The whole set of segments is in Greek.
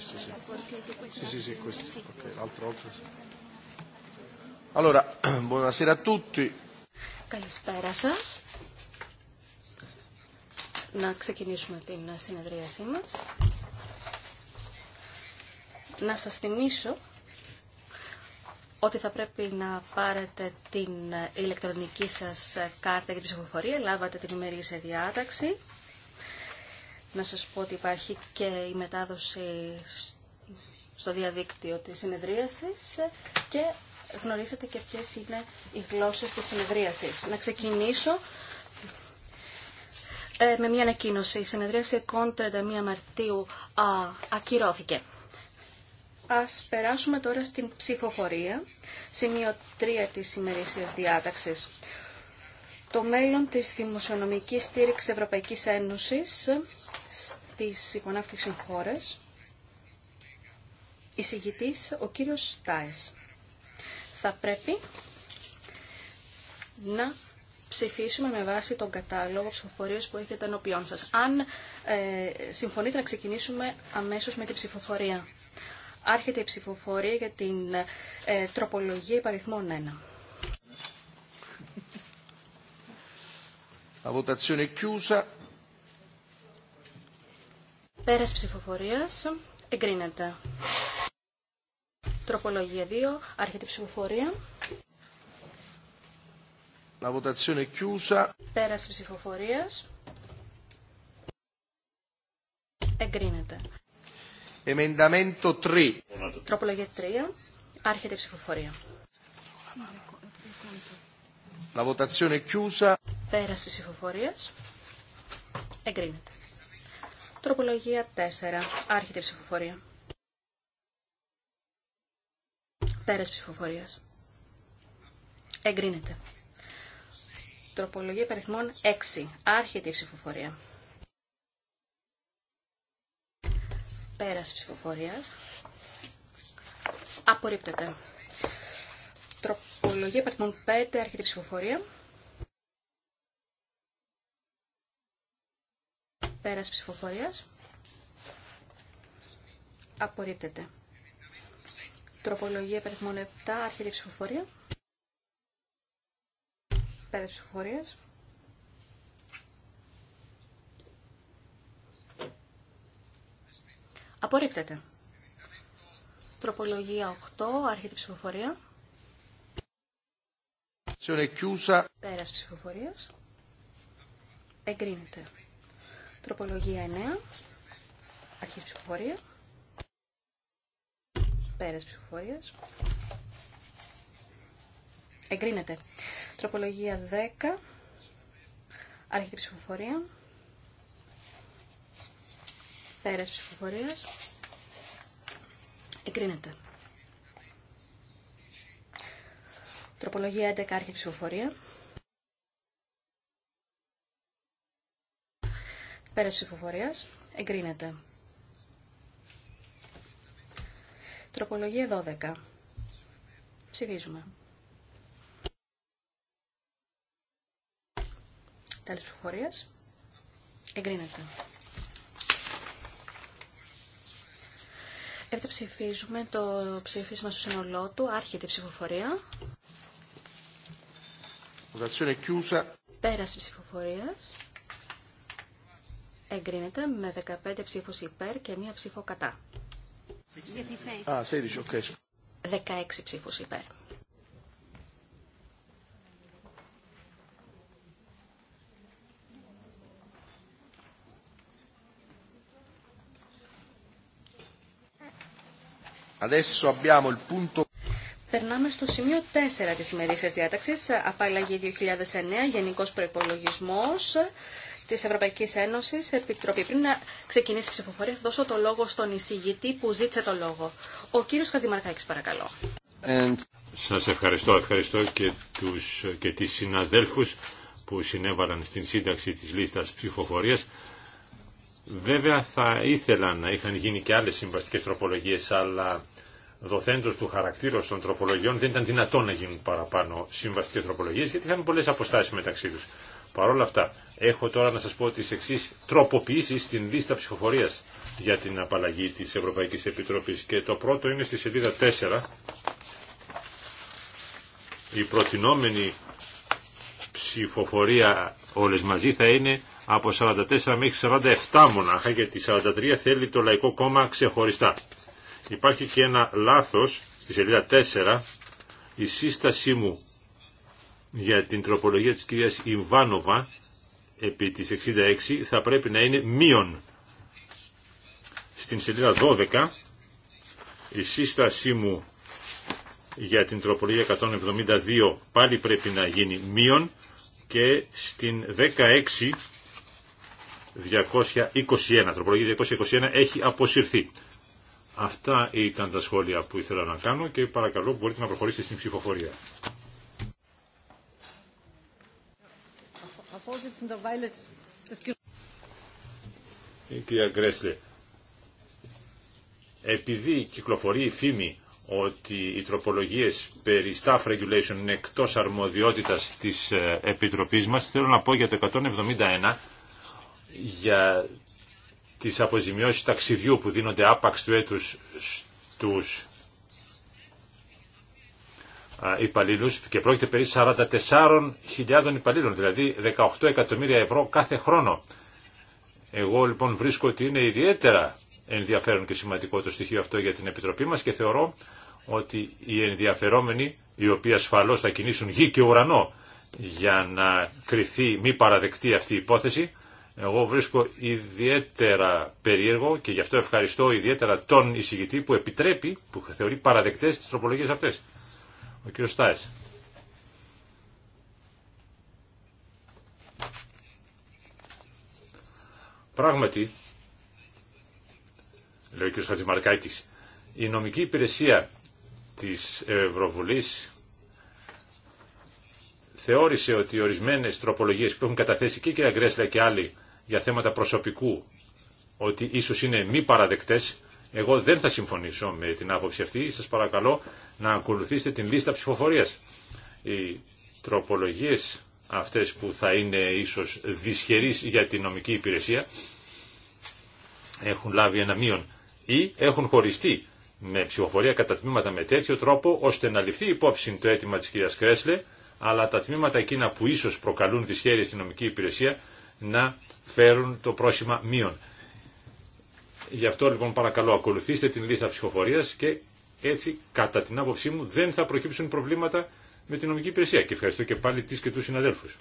sì. Sì, sì, sì, questo. Ok, Allora, buonasera a tutti. Καλησπέρα σα. Να ξεκινήσουμε την συνεδρίασή μα. Να σα θυμίσω ότι θα πρέπει να πάρετε την ηλεκτρονική σας κάρτα για ψηφοφορία, λάβατε την σε διάταξη να σας πω ότι υπάρχει και η μετάδοση στο διαδίκτυο της συνεδρίασης και γνωρίζετε και ποιες είναι οι γλώσσες της συνεδρίασης. Να ξεκινήσω ε, με μια ανακοίνωση. Η συνεδρίαση ΕΚΟΝ 31 Μαρτίου α, ακυρώθηκε. Ας περάσουμε τώρα στην ψηφοφορία, σημείο 3 της ημερήσιας διάταξης το μέλλον της δημοσιονομικής στήριξης Ευρωπαϊκής Ένωσης στις υπονάφτυξης χώρες, εισηγητής ο κύριος Στάες. Θα πρέπει να ψηφίσουμε με βάση τον κατάλογο ψηφοφορίας που έχετε ενώπιόν σας. Αν ε, συμφωνείτε να ξεκινήσουμε αμέσως με την ψηφοφορία. Άρχεται η ψηφοφορία για την ε, τροπολογία υπαριθμών 1. La votazione è chiusa. Πέρας ψηφοφορίας εγκρίνεται. Τροπολογία 2, άρχεται ψηφοφορία. La votazione è chiusa. Πέρας ψηφοφορίας εγκρίνεται. Emendamento 3. Τροπολογία 3, άρχεται ψηφοφορία. La votazione è chiusa. Πέραση ψηφοφορίας. Εγκρίνεται. Τροπολογία 4. Άρχεται η ψηφοφορία. Πέραση ψηφοφορίας. Εγκρίνεται. Τροπολογία περιθμών 6. Άρχεται η ψηφοφορία. Πέραση ψηφοφορίας. Απορρίπτεται. Τροπολογία περιθμών 5. Άρχεται η ψηφοφορία. Πέρας ψηφοφορίας. Απορρίπτεται. Τροπολογία περιθμών 7, αρχιτή ψηφοφορία. Πέρας ψηφοφορίας. Απορρίπτεται. Τροπολογία 8, αρχιτή ψηφοφορία. Πέρας ψηφοφορίας. Εγκρίνεται. Τροπολογία 9. Αρχής ψηφοφορία. Πέρες ψηφοφορίας. Εγκρίνεται. Τροπολογία 10. Άρχη ψηφοφορία. Πέρας ψηφοφορίας. Εγκρίνεται. Τροπολογία 11. αρχή ψηφοφορία. Πέρας ψηφοφορίας. Εγκρίνεται. Τροπολογία 12. Ψηφίζουμε. Τέλος ψηφοφορίας. Εγκρίνεται. Έπειτα ψηφίζουμε το ψήφισμα στο σύνολό του. Άρχεται η ψηφοφορία. Πέραση ψηφοφορίας εγκρίνεται με 15 ψήφους υπέρ και μία ψήφο κατά. 16 ψήφους υπέρ. Adesso abbiamo il punto... Περνάμε στο σημείο 4 της ημερήσιας διάταξης, απαλλαγή 2009, γενικός προϋπολογισμός της Ευρωπαϊκής Ένωσης, Επιτροπή. Πριν να ξεκινήσει η ψηφοφορία, θα δώσω το λόγο στον εισηγητή που ζήτησε το λόγο. Ο κύριος Χατζημαρκάκης, παρακαλώ. And... Σας ευχαριστώ, ευχαριστώ και, τους, και τις συναδέλφους που συνέβαλαν στην σύνταξη της λίστας ψηφοφορία. Βέβαια θα ήθελα να είχαν γίνει και άλλες συμβαστικές τροπολογίες, αλλά δοθέντος του χαρακτήρως των τροπολογιών δεν ήταν δυνατόν να γίνουν παραπάνω συμβαστικές τροπολογίες, γιατί είχαν πολλές αποστάσεις μεταξύ τους. Παρ' όλα αυτά, έχω τώρα να σας πω τις εξή τροποποιήσεις στην λίστα ψηφοφορίας για την απαλλαγή της Ευρωπαϊκής Επιτροπής. Και το πρώτο είναι στη σελίδα 4. Η προτινόμενη ψηφοφορία όλες μαζί θα είναι από 44 μέχρι 47 μονάχα, γιατί 43 θέλει το Λαϊκό Κόμμα ξεχωριστά. Υπάρχει και ένα λάθος στη σελίδα 4. Η σύστασή μου για την τροπολογία της κυρίας Ιβάνοβα επί της 66 θα πρέπει να είναι μείον. Στην σελίδα 12 η σύστασή μου για την τροπολογία 172 πάλι πρέπει να γίνει μείον και στην 16 221, τροπολογία 221 έχει αποσυρθεί. Αυτά ήταν τα σχόλια που ήθελα να κάνω και παρακαλώ μπορείτε να προχωρήσετε στην ψηφοφορία. Η κυρία Γκρέσλε, επειδή κυκλοφορεί η φήμη ότι οι τροπολογίες περί staff regulation είναι εκτός αρμοδιότητας της ε, Επιτροπής μας, θέλω να πω για το 171, για τις αποζημιώσεις ταξιδιού που δίνονται άπαξ του έτους στους υπαλλήλους και πρόκειται περί 44.000 υπαλλήλων, δηλαδή 18 εκατομμύρια ευρώ κάθε χρόνο. Εγώ λοιπόν βρίσκω ότι είναι ιδιαίτερα ενδιαφέρον και σημαντικό το στοιχείο αυτό για την Επιτροπή μας και θεωρώ ότι οι ενδιαφερόμενοι, οι οποίοι ασφαλώς θα κινήσουν γη και ουρανό για να κριθεί μη παραδεκτή αυτή η υπόθεση, εγώ βρίσκω ιδιαίτερα περίεργο και γι' αυτό ευχαριστώ ιδιαίτερα τον εισηγητή που επιτρέπει, που θεωρεί παραδεκτές τις τροπολογίες αυτές. Ο κ. Στάις. Πράγματι, λέει ο κ. Χατζημαρκάκης, η νομική υπηρεσία της Ευρωβουλής θεώρησε ότι ορισμένες τροπολογίες που έχουν καταθέσει και η κ. Γκρέσλα και άλλοι για θέματα προσωπικού ότι ίσως είναι μη παραδεκτές εγώ δεν θα συμφωνήσω με την άποψη αυτή. Σας παρακαλώ να ακολουθήσετε την λίστα ψηφοφορίας. Οι τροπολογίες αυτές που θα είναι ίσως δυσχερείς για την νομική υπηρεσία έχουν λάβει ένα μείον ή έχουν χωριστεί με ψηφοφορία κατά τμήματα με τέτοιο τρόπο ώστε να ληφθεί υπόψη το αίτημα της κυρίας Κρέσλε αλλά τα τμήματα εκείνα που ίσως προκαλούν δυσχέρειες στην νομική υπηρεσία να φέρουν το πρόσημα μείον. Γι' αυτό λοιπόν παρακαλώ ακολουθήστε την λίστα ψυχοφορίας και έτσι κατά την άποψή μου δεν θα προκύψουν προβλήματα με την νομική υπηρεσία. Και ευχαριστώ και πάλι τις και τους συναδέλφους.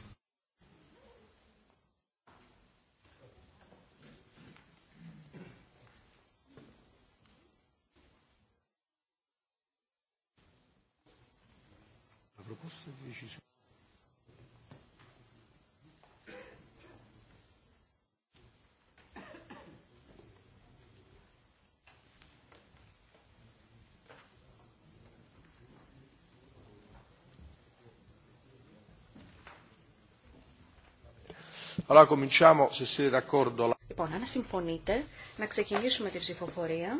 Λοιπόν, αν συμφωνείτε, να ξεκινήσουμε τη ψηφοφορία.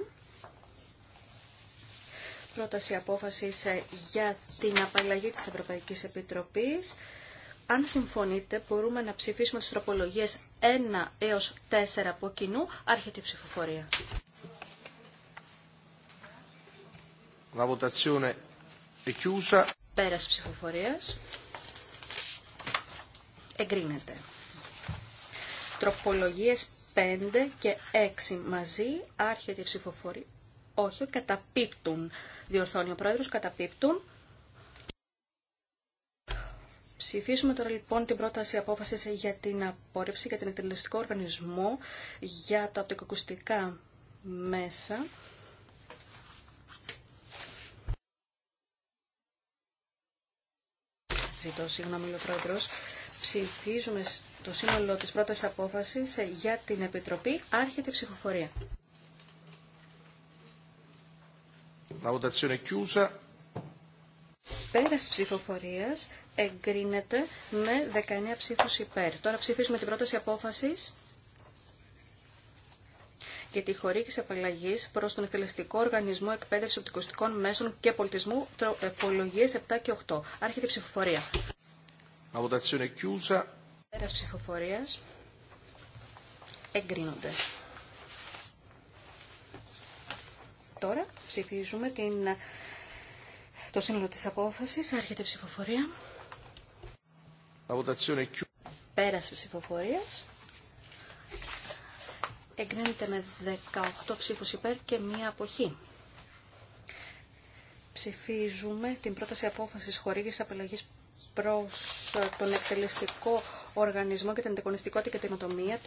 Πρόταση απόφασης ε, για την απαλλαγή της Ευρωπαϊκή Επιτροπής. Αν συμφωνείτε, μπορούμε να ψηφίσουμε τι τροπολογίε 1 έως 4 από κοινού. Άρχεται η ψηφοφορία. La votazione Εγκρίνεται. Τροπολογίες 5 και 6 μαζί, άρχεται η ψηφοφορία. Όχι, καταπίπτουν. Διορθώνει ο πρόεδρος, καταπίπτουν. Ψηφίσουμε τώρα λοιπόν την πρόταση απόφαση για την απόρριψη για τον εκτελεστικό οργανισμό για τα οπτικοακουστικά μέσα. Ζητώ συγγνώμη ο πρόεδρος. Ψηφίζουμε το σύνολο της πρώτης απόφασης ε, για την Επιτροπή άρχεται η ψηφοφορία. La votazione chiusa. Πέρας ψηφοφορίας εγκρίνεται με 19 ψήφους υπέρ. Τώρα ψηφίσουμε την πρόταση απόφαση για τη χορήγηση απαλλαγή προ τον εκτελεστικό οργανισμό εκπαίδευση οπτικοστικών μέσων και πολιτισμού, ε, τροπολογίε 7 και 8. Άρχεται η ψηφοφορία. La votazione chiusa. Πέρας ψηφοφορίας εγκρίνονται. Τώρα ψηφίζουμε την... το σύνολο της απόφασης. Άρχεται η ψηφοφορία. Πέρας ψηφοφορίας εγκρίνεται με 18 ψήφους υπέρ και μία αποχή. Ψηφίζουμε την πρόταση απόφασης χορήγησης απελογής προς τον εκτελεστικό Οργανισμό και την Ανταγωνιστικότητα και την Οτομία,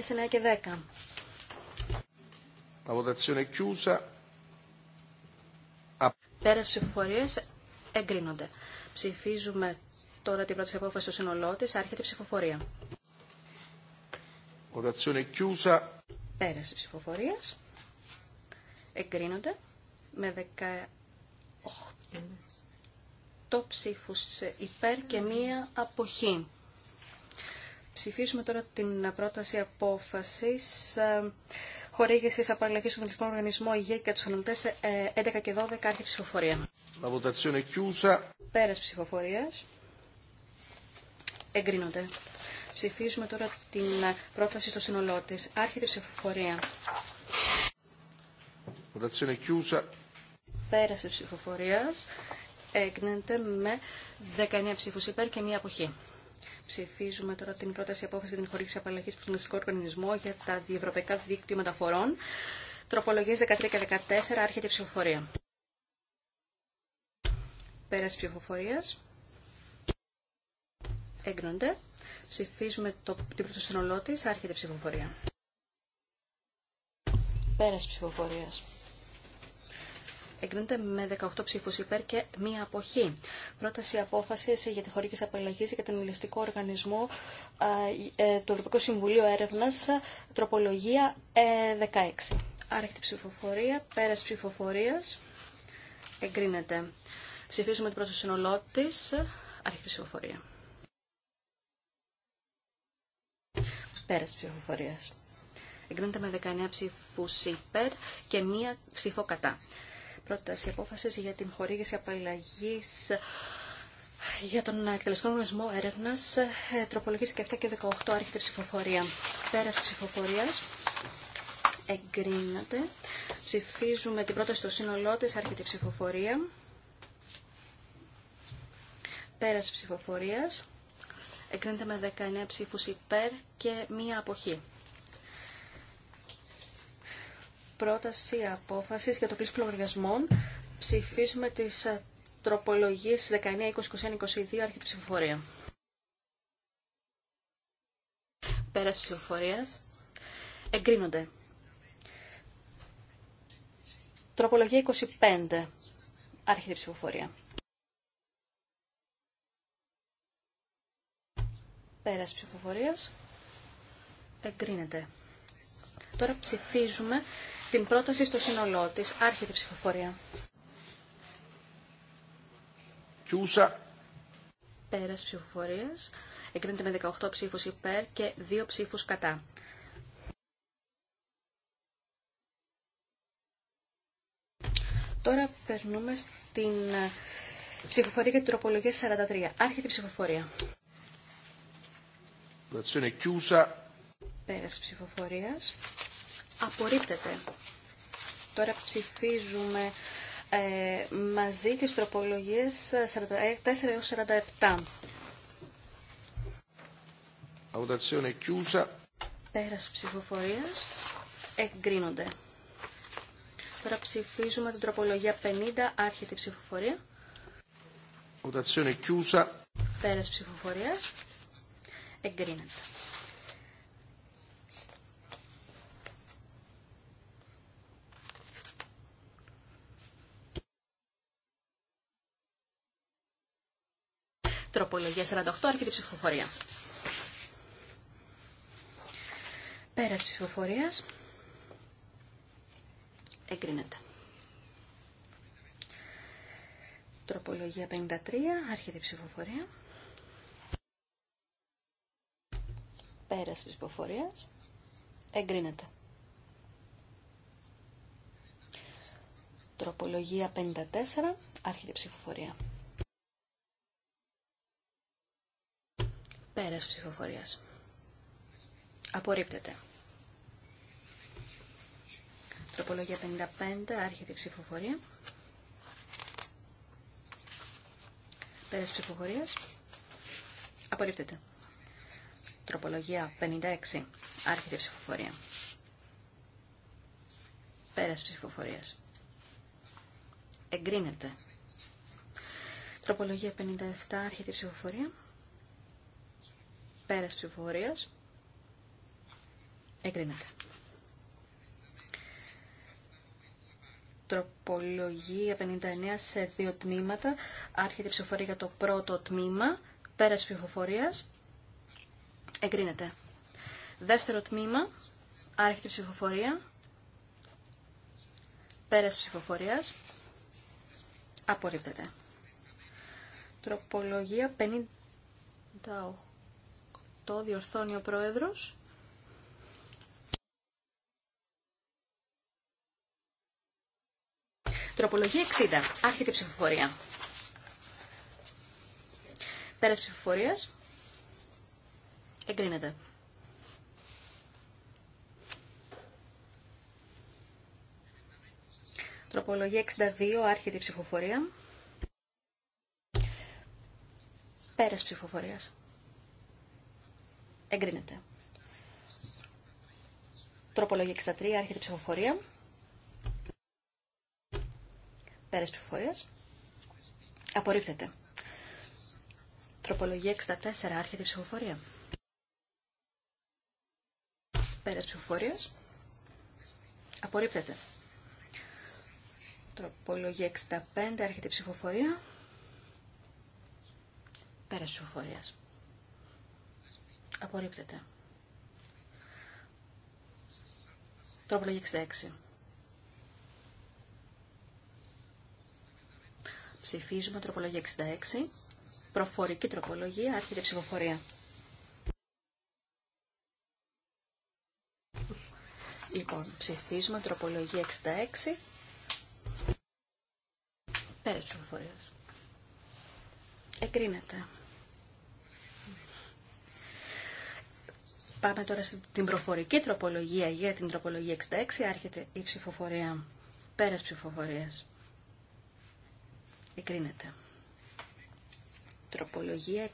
σε 9 και 10. La votazione Πέρας ψηφοφορίες εγκρίνονται. Ψηφίζουμε τώρα την πρώτη απόφαση στο σύνολό τη. Άρχεται η ψηφοφορία. Votazione chiusa. ψηφοφορία. Εγκρίνονται με 18 ψήφους υπέρ και μία αποχή ψηφίσουμε τώρα την πρόταση απόφασης ε, χορήγησης απαλλαγή στον Εθνικό Οργανισμό Υγεία και τους ε, 11 και 12 άρχη ψηφοφορία. Πέρας ψηφοφορία. Εγκρίνονται. Ψηφίσουμε τώρα την πρόταση στο σύνολό τη. Άρχεται ψηφοφορία. Πέρα ψηφοφορία. Έγκρινεται με 19 ψήφου υπέρ και μία αποχή. Ψηφίζουμε τώρα την πρόταση απόφαση για την χορήγηση απαλλαγή προ τον Οργανισμό για τα διευρωπαϊκά δίκτυα μεταφορών. Τροπολογίε 13 και 14. Άρχεται η ψηφοφορία. Πέραση ψηφοφορία. Έγκρονται. Ψηφίζουμε το, την πρώτη σύνολό τη. Άρχεται η ψηφοφορία. Πέραση ψηφοφορία. Εγκρίνεται με 18 ψήφου υπέρ και μία αποχή. Πρόταση απόφαση για τη χωρική απαλλαγή για τον Μιλιστικό Οργανισμό ε, του Ευρωπαϊκού Συμβουλίου Έρευνας, τροπολογία 16. Ε, άρχεται ψηφοφορία, πέρας ψηφοφορία. εγκρίνεται. Ψηφίζουμε την πρώτη συνολό τη, άρχεται ψηφοφορία. Πέρας ψηφοφορίας εγκρίνεται με 19 ψήφους υπέρ και μία ψήφο κατά πρόταση απόφαση για την χορήγηση απαλλαγή για τον εκτελεστικό νομισμό έρευνα, ε, τροπολογή 7 και 18, άρχεται ψηφοφορία. Πέρα ψηφοφορία. Εγκρίνεται. Ψηφίζουμε την πρόταση στο σύνολό τη, άρχεται ψηφοφορία. Πέρα ψηφοφορία. Εγκρίνεται με 19 ψήφου υπέρ και μία αποχή πρόταση απόφασης για το κλείσιμο λογαριασμών. Ψηφίσουμε τις ε, τροπολογίες 19, 20, 21, 22, άρχη ψηφοφορία. Πέρας ψηφοφορίας. Εγκρίνονται. Τροπολογία 25. Άρχεται ψηφοφορία. Πέρας ψηφοφορίας. Εγκρίνεται. Τώρα ψηφίζουμε την πρόταση στο σύνολό τη. Άρχεται η ψηφοφορία. Κιούσα. Πέρας ψηφοφορίας. Εκρίνεται με 18 ψήφους υπέρ και 2 ψήφους κατά. Τώρα περνούμε στην ε, ψηφοφορία για την τροπολογία 43. Άρχεται η ψηφοφορία. Πέρας ψηφοφορία απορρίπτεται. Τώρα ψηφίζουμε ε, μαζί τις τροπολογίες 44 ε, ε, έως 47. Κιούσα. Πέρας ψηφοφορίας εγκρίνονται. Τώρα ψηφίζουμε την τροπολογία 50, άρχεται η ψηφοφορία. Votazione ψηφοφορία. Πέρας ψηφοφορίας εγκρίνεται. Τροπολογία 48, αρχή ψηφοφορία. Πέρας ψηφοφορίας. Εγκρίνεται. Τροπολογία 53, άρχεται ψηφοφορία. Πέρας ψηφοφορίας. Εγκρίνεται. Τροπολογία 54, άρχεται ψηφοφορία. Πέρας ψηφοφορίας. Απορρίπτεται. Τροπολογία 55, άρχεται ψηφοφορία. Πέρας ψηφοφορίας. Απορρίπτεται. Τροπολογία 56, άρχεται ψηφοφορία. Πέρας ψηφοφορίας. Εγκρίνεται. Τροπολογία 57, άρχεται ψηφοφορία. Πέρας ψηφοφορίας. Εγκρίνεται. Τροπολογία 59 σε δύο τμήματα. Άρχεται η ψηφοφορία για το πρώτο τμήμα. Πέρας ψηφοφορίας. Εγκρίνεται. Δεύτερο τμήμα. Άρχεται η ψηφοφορία. Πέρας ψηφοφορίας. Απορρίπτεται. Τροπολογία 58 διορθώνει ο Πρόεδρος. Τροπολογία 60. Άρχεται η ψηφοφορία. Πέρας ψηφοφορίας. Εγκρίνεται. Τροπολογία 62. Άρχεται η ψηφοφορία. Πέρας ψηφοφορίας. Εγκρίνεται. Τροπολογία 63, άρχεται ψηφοφορία. Πέρας ψηφοφορίας. Απορρίπτεται. Τροπολογία 64, άρχεται ψηφοφορία. Πέρας ψηφοφορίας. Απορρίπτεται. Τροπολογία 65, άρχεται ψηφοφορία. Πέρας ψηφοφορίας. Απορρίπτεται. Τροπολογία 66. Ψηφίζουμε τροπολογία 66. Προφορική τροπολογία, άρχεται ψηφοφορία. Λοιπόν, ψηφίζουμε τροπολογία 66. Πέρας ψηφοφορίας. Εγκρίνεται. Πάμε τώρα στην προφορική τροπολογία για την τροπολογία 66. Άρχεται η ψηφοφορία. Πέρας ψηφοφορίας. Εκρίνεται. Τροπολογία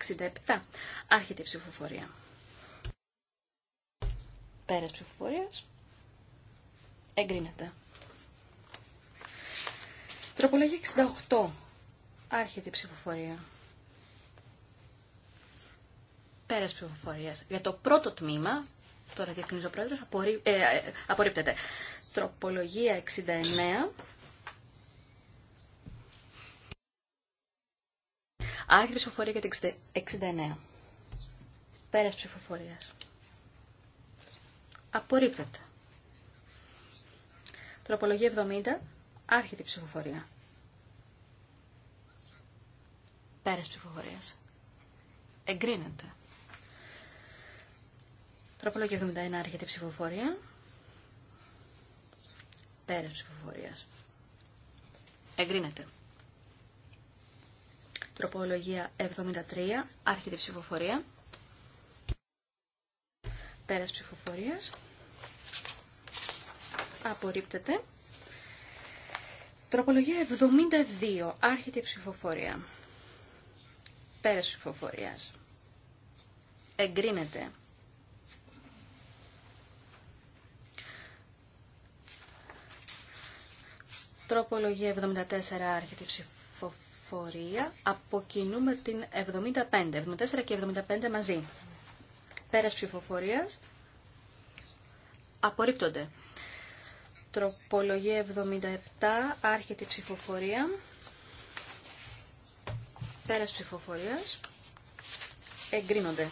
67. Άρχεται η ψηφοφορία. Πέρας ψηφοφορίας. Εγκρίνεται. Τροπολογία 68. Άρχεται η ψηφοφορία. Πέρας ψηφοφορία Για το πρώτο τμήμα, τώρα διευκρινίζω ο ε, ε, απορρίπτεται. Τροπολογία 69. Άρχη ψηφοφορία για την 69. Πέρας ψηφοφορία. Απορρίπτεται. Τροπολογία 70. άρχιτη ψηφοφορία. Πέρας ψηφοφορία. Εγκρίνεται. Τροπολογία 71 άρχεται ψηφοφορία. Πέρα ψηφοφορία. Εγκρίνεται. Τροπολογία 73 άρχεται ψηφοφορία. Πέρα ψηφοφορίας. Απορρίπτεται. Τροπολογία 72 άρχεται ψηφοφορία. Πέρα ψηφοφορίας. Εγκρίνεται. Τροπολογία 74 άρχεται η ψηφοφορία. Αποκινούμε την 75. 74 και 75 μαζί. Πέρας ψηφοφορία. Απορρίπτονται. Τροπολογία 77 άρχεται η ψηφοφορία. Πέρας ψηφοφορία. Εγκρίνονται.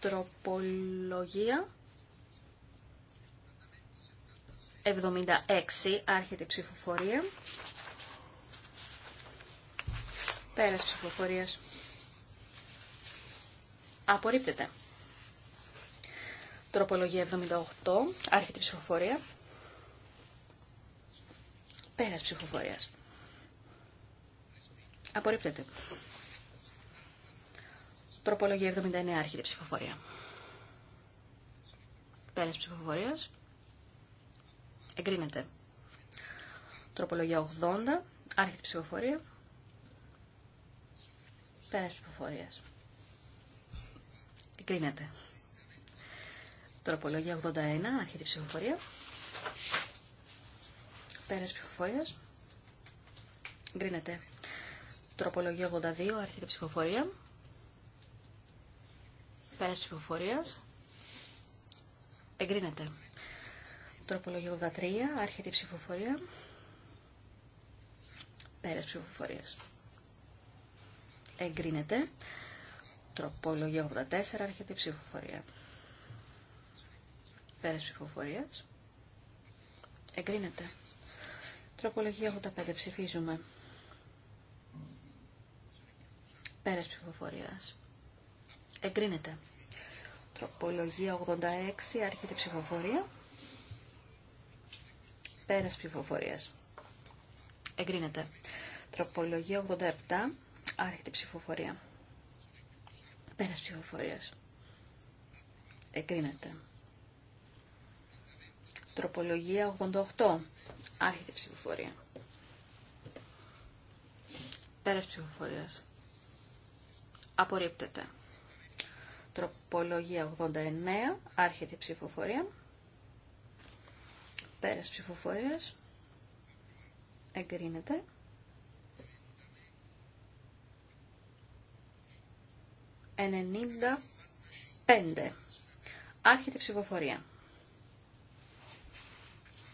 Τροπολογία 76 άρχεται η ψηφοφορία. Πέρας ψηφοφορίας. Απορρίπτεται. Τροπολογία 78 άρχεται η ψηφοφορία. Πέρας ψηφοφορίας. Απορρίπτεται. Τροπολογία 79 άρχεται η ψηφοφορία. Πέρας ψηφοφορίας. Εγκρίνεται. Τροπολογία 80. Άρχη ψηφοφορία. Πέρα ψηφοφορία. Εγκρίνεται. Τροπολογία 81. Άρχη ψηφοφορία. Πέρα ψηφοφορία. Εγκρίνεται. Τροπολογία 82. Άρχη ψηφοφορία. Πέρα ψηφοφορία. Εγκρίνεται. Τροπολογία 83, άρχεται η ψηφοφορία. Πέρας ψηφοφορία. Εγκρίνεται. Τροπολογία 84, άρχεται η ψηφοφορία. Πέρας ψηφοφορία. Εγκρίνεται. Τροπολογία 85, ψηφίζουμε. Πέρας ψηφοφορία. Εγκρίνεται. Τροπολογία 86, άρχεται η ψηφοφορία. Πέρας ψηφοφορίας. Εγκρίνεται. Τροπολογία 87. Άρχεται ψηφοφορία. Πέρας ψηφοφορίας. Εγκρίνεται. Τροπολογία 88. Άρχεται ψηφοφορία. Πέρας ψηφοφορίας. Απορρίπτεται. Τροπολογία 89. Άρχεται ψηφοφορία. Πέρας ψηφοφορίας. Εγκρίνεται. Ενενήντα πέντε. Άρχεται ψηφοφορία.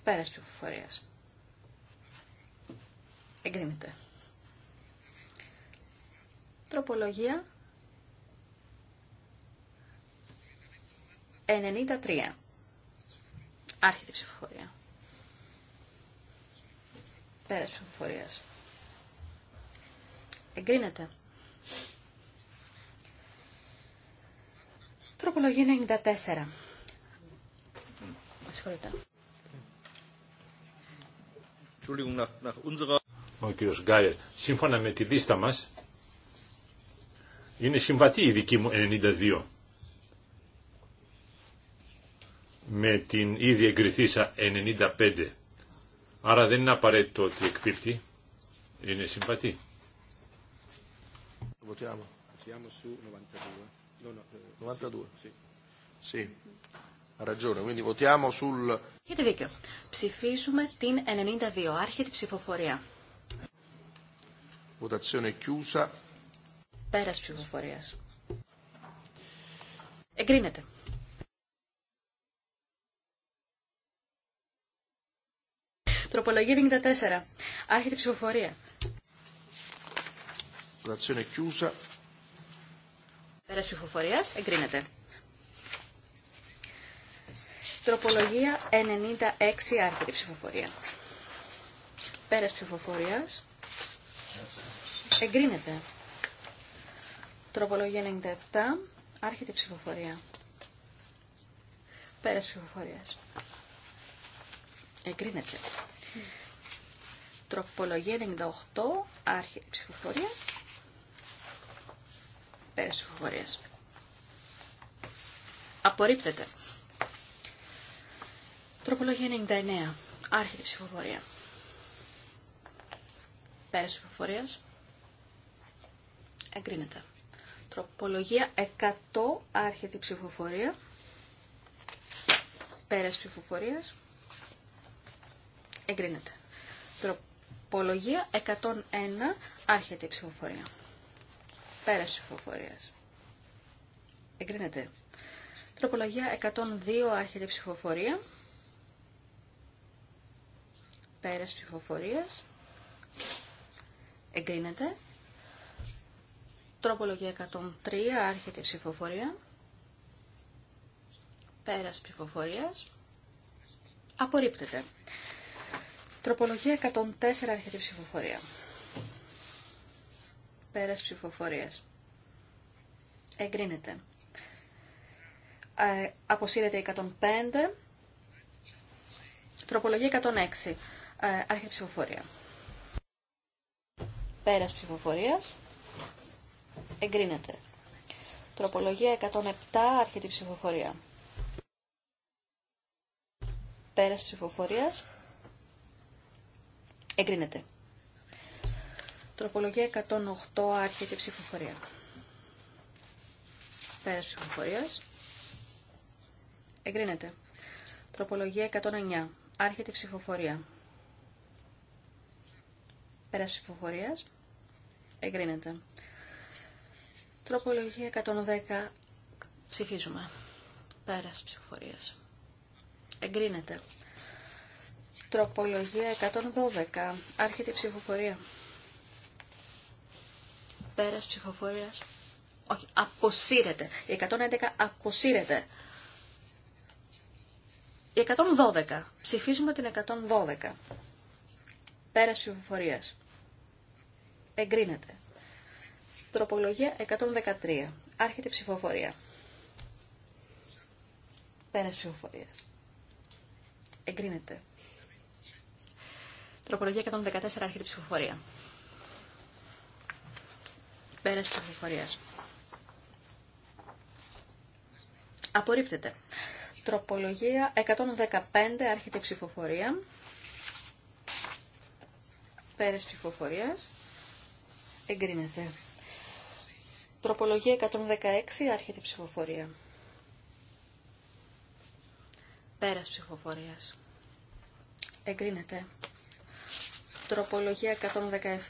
Πέρας ψηφοφορίας. Εγκρίνεται. Τροπολογία 93. Άρχεται ψηφοφορία. Πέρας ψηφοφορίας. Εγκρίνεται. Τροπολογία 94. Συγχωρείτε. Ο κύριο Γκάιερ, σύμφωνα με τη λίστα μα, είναι συμβατή η δική μου 92 με την ήδη εγκριθήσα 95. Άρα δεν είναι απαραίτητο ότι εκπίπτει, είναι συμπατή. Έχετε δίκιο. Ψηφίσουμε την 92. Άρχεται η ψηφοφορία. Votazione chiusa. Πέρας ψηφοφορίας. Εγκρίνεται. Τροπολογία 94. Άρχεται ψηφοφορία. Πέρα ψηφοφορία. ψηφοφορίας εγκρίνεται. Τροπολογία 96 άρχεται ψηφοφορία. Πέρας ψηφοφορίας εγκρίνεται. Τροπολογία 97 άρχεται ψηφοφορία. Πέρας ψηφοφορίας εγκρίνεται. Τροπολογία 98, άρχη ψηφοφορία. Πέρας ψηφοφορίας. Απορρίπτεται. Τροπολογία 99, άρχη ψηφοφορία. Πέρας ψηφοφορίας. Εγκρίνεται. Τροπολογία 100, άρχη ψηφοφορία. Πέρας ψηφοφορία. Εγκρίνεται. Τροπολογία 101. Άρχεται η ψηφοφορία. Πέρα ψηφοφορίας. Εγκρίνεται. Τροπολογία 102. Άρχεται η ψηφοφορία. Πέρα ψηφοφορίας. Εγκρίνεται. Τροπολογία 103. Άρχεται η ψηφοφορία. Πέρα ψηφοφορίας. Απορρίπτεται. Τροπολογία 104 έρχεται η ψηφοφορία. Πέρας ψηφοφορίας. Εγκρίνεται. Ε, αποσύρεται 105. Τροπολογία 106. Ε, άρχεται ψηφοφορία. Πέρας ψηφοφορίας. Εγκρίνεται. Τροπολογία 107. Άρχεται ψηφοφορία. Πέρας ψηφοφορίας Εγκρίνεται. Τροπολογία 108, άρχεται ψηφοφορία. Πέρας ψηφοφορίας. Εγκρίνεται. Τροπολογία 109, άρχεται ψηφοφορία. Πέρας ψηφοφορίας. Εγκρίνεται. Τροπολογία 110, ψηφίζουμε. Πέρας ψηφοφορίας. Εγκρίνεται. Τροπολογία 112. Άρχεται η ψηφοφορία. Πέρας ψηφοφορίας. Όχι, αποσύρεται. Η 111 αποσύρεται. Η 112. Ψηφίζουμε την 112. Πέρας ψηφοφορίας. Εγκρίνεται. Τροπολογία 113. Άρχεται η ψηφοφορία. Πέρας ψηφοφορίας. Εγκρίνεται. Τροπολογία 114 αρχή ψηφοφορία. Πέρας ψηφοφορίας. Απορρίπτεται. Τροπολογία 115 άρχεται ψηφοφορία. Πέρας ψηφοφορίας. Εγκρίνεται. Τροπολογία 116 άρχεται ψηφοφορία. Πέρας ψηφοφορίας. Εγκρίνεται. Τροπολογία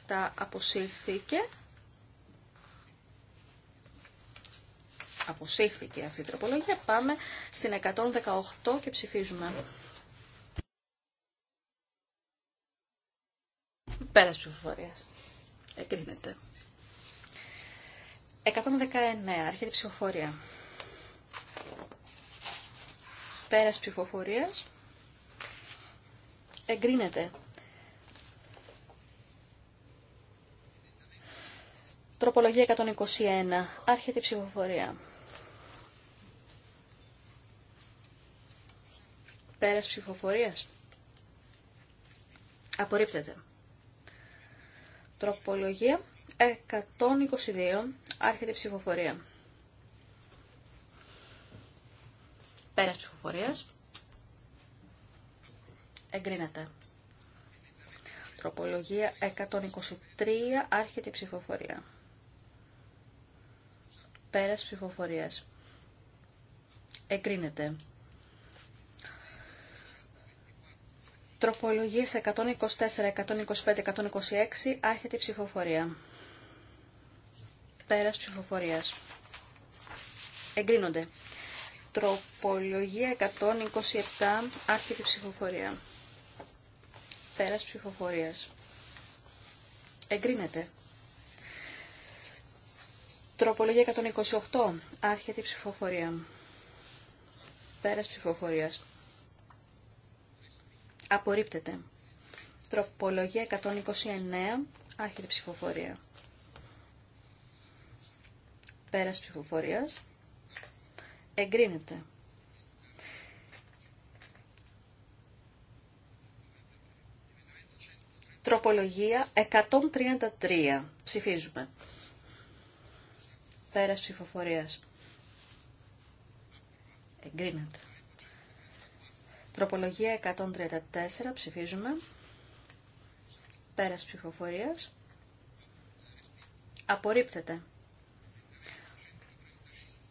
117 αποσύρθηκε. Αποσύρθηκε αυτή η τροπολογία. Πάμε στην 118 και ψηφίζουμε. Πέρας ψηφοφορίας. Εγκρίνεται. 119. Άρχεται η ψηφοφορία. Πέρας ψηφοφορίας. Εγκρίνεται. Τροπολογία 121. Άρχεται η ψηφοφορία. Πέρας ψηφοφορίας. Απορρίπτεται. Τροπολογία 122. Άρχεται η ψηφοφορία. Πέρας ψηφοφορίας. Εγκρίνεται. Τροπολογία 123. Άρχεται η ψηφοφορία. Πέρας ψηφοφορίας. Εγκρίνεται. Τροπολογίες 124, 125, 126. Άρχεται η ψηφοφορία. Πέρας ψηφοφορίας. Εγκρίνονται. Τροπολογία 127. Άρχεται η ψηφοφορία. Πέρας ψηφοφορίας. Εγκρίνεται. Τροπολογία 128. Άρχεται η ψηφοφορία. Πέρας ψηφοφορίας. Απορρίπτεται. Τροπολογία 129. Άρχεται η ψηφοφορία. Πέρας ψηφοφορίας. Εγκρίνεται. Τροπολογία 133. Ψηφίζουμε. Πέρας ψηφοφορίας. Εγκρίνεται. Τροπολογία 134. Ψηφίζουμε. Πέρας ψηφοφορίας. Απορρίπτεται.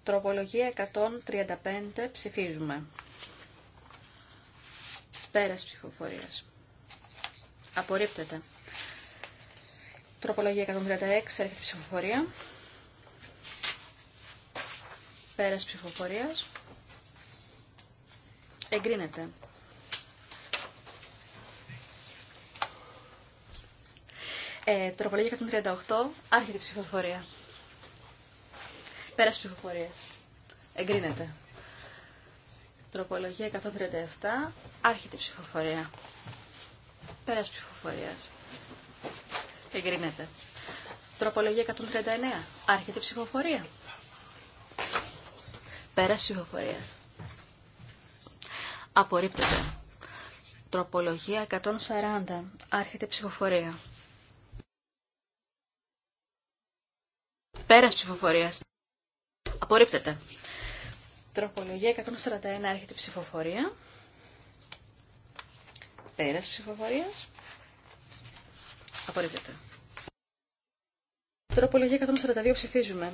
Τροπολογία 135. Ψηφίζουμε. Πέρας ψηφοφορίας. Απορρίπτεται. Τροπολογία 136. Έρχεται ψηφοφορία. Πέρας ψηφοφορίας. Εγκρίνεται. Ε, τροπολογία 138, άρχεται ψηφοφορία. Πέρας ψηφοφορίας. Εγκρίνεται. Τροπολογία 137, άρχεται ψηφοφορία. Πέρας ψηφοφορίας. Εγκρίνεται. Τροπολογία 139, άρχεται ψηφοφορία. Πέρας ψηφοφορία. Απορρίπτεται. Τροπολογία 140. Άρχεται ψηφοφορία. Πέρας ψηφοφορία. Απορρίπτεται. Τροπολογία 141. Άρχεται ψηφοφορία. Πέρας ψηφοφορία. Απορρίπτεται. Τροπολογία 142 ψηφίζουμε.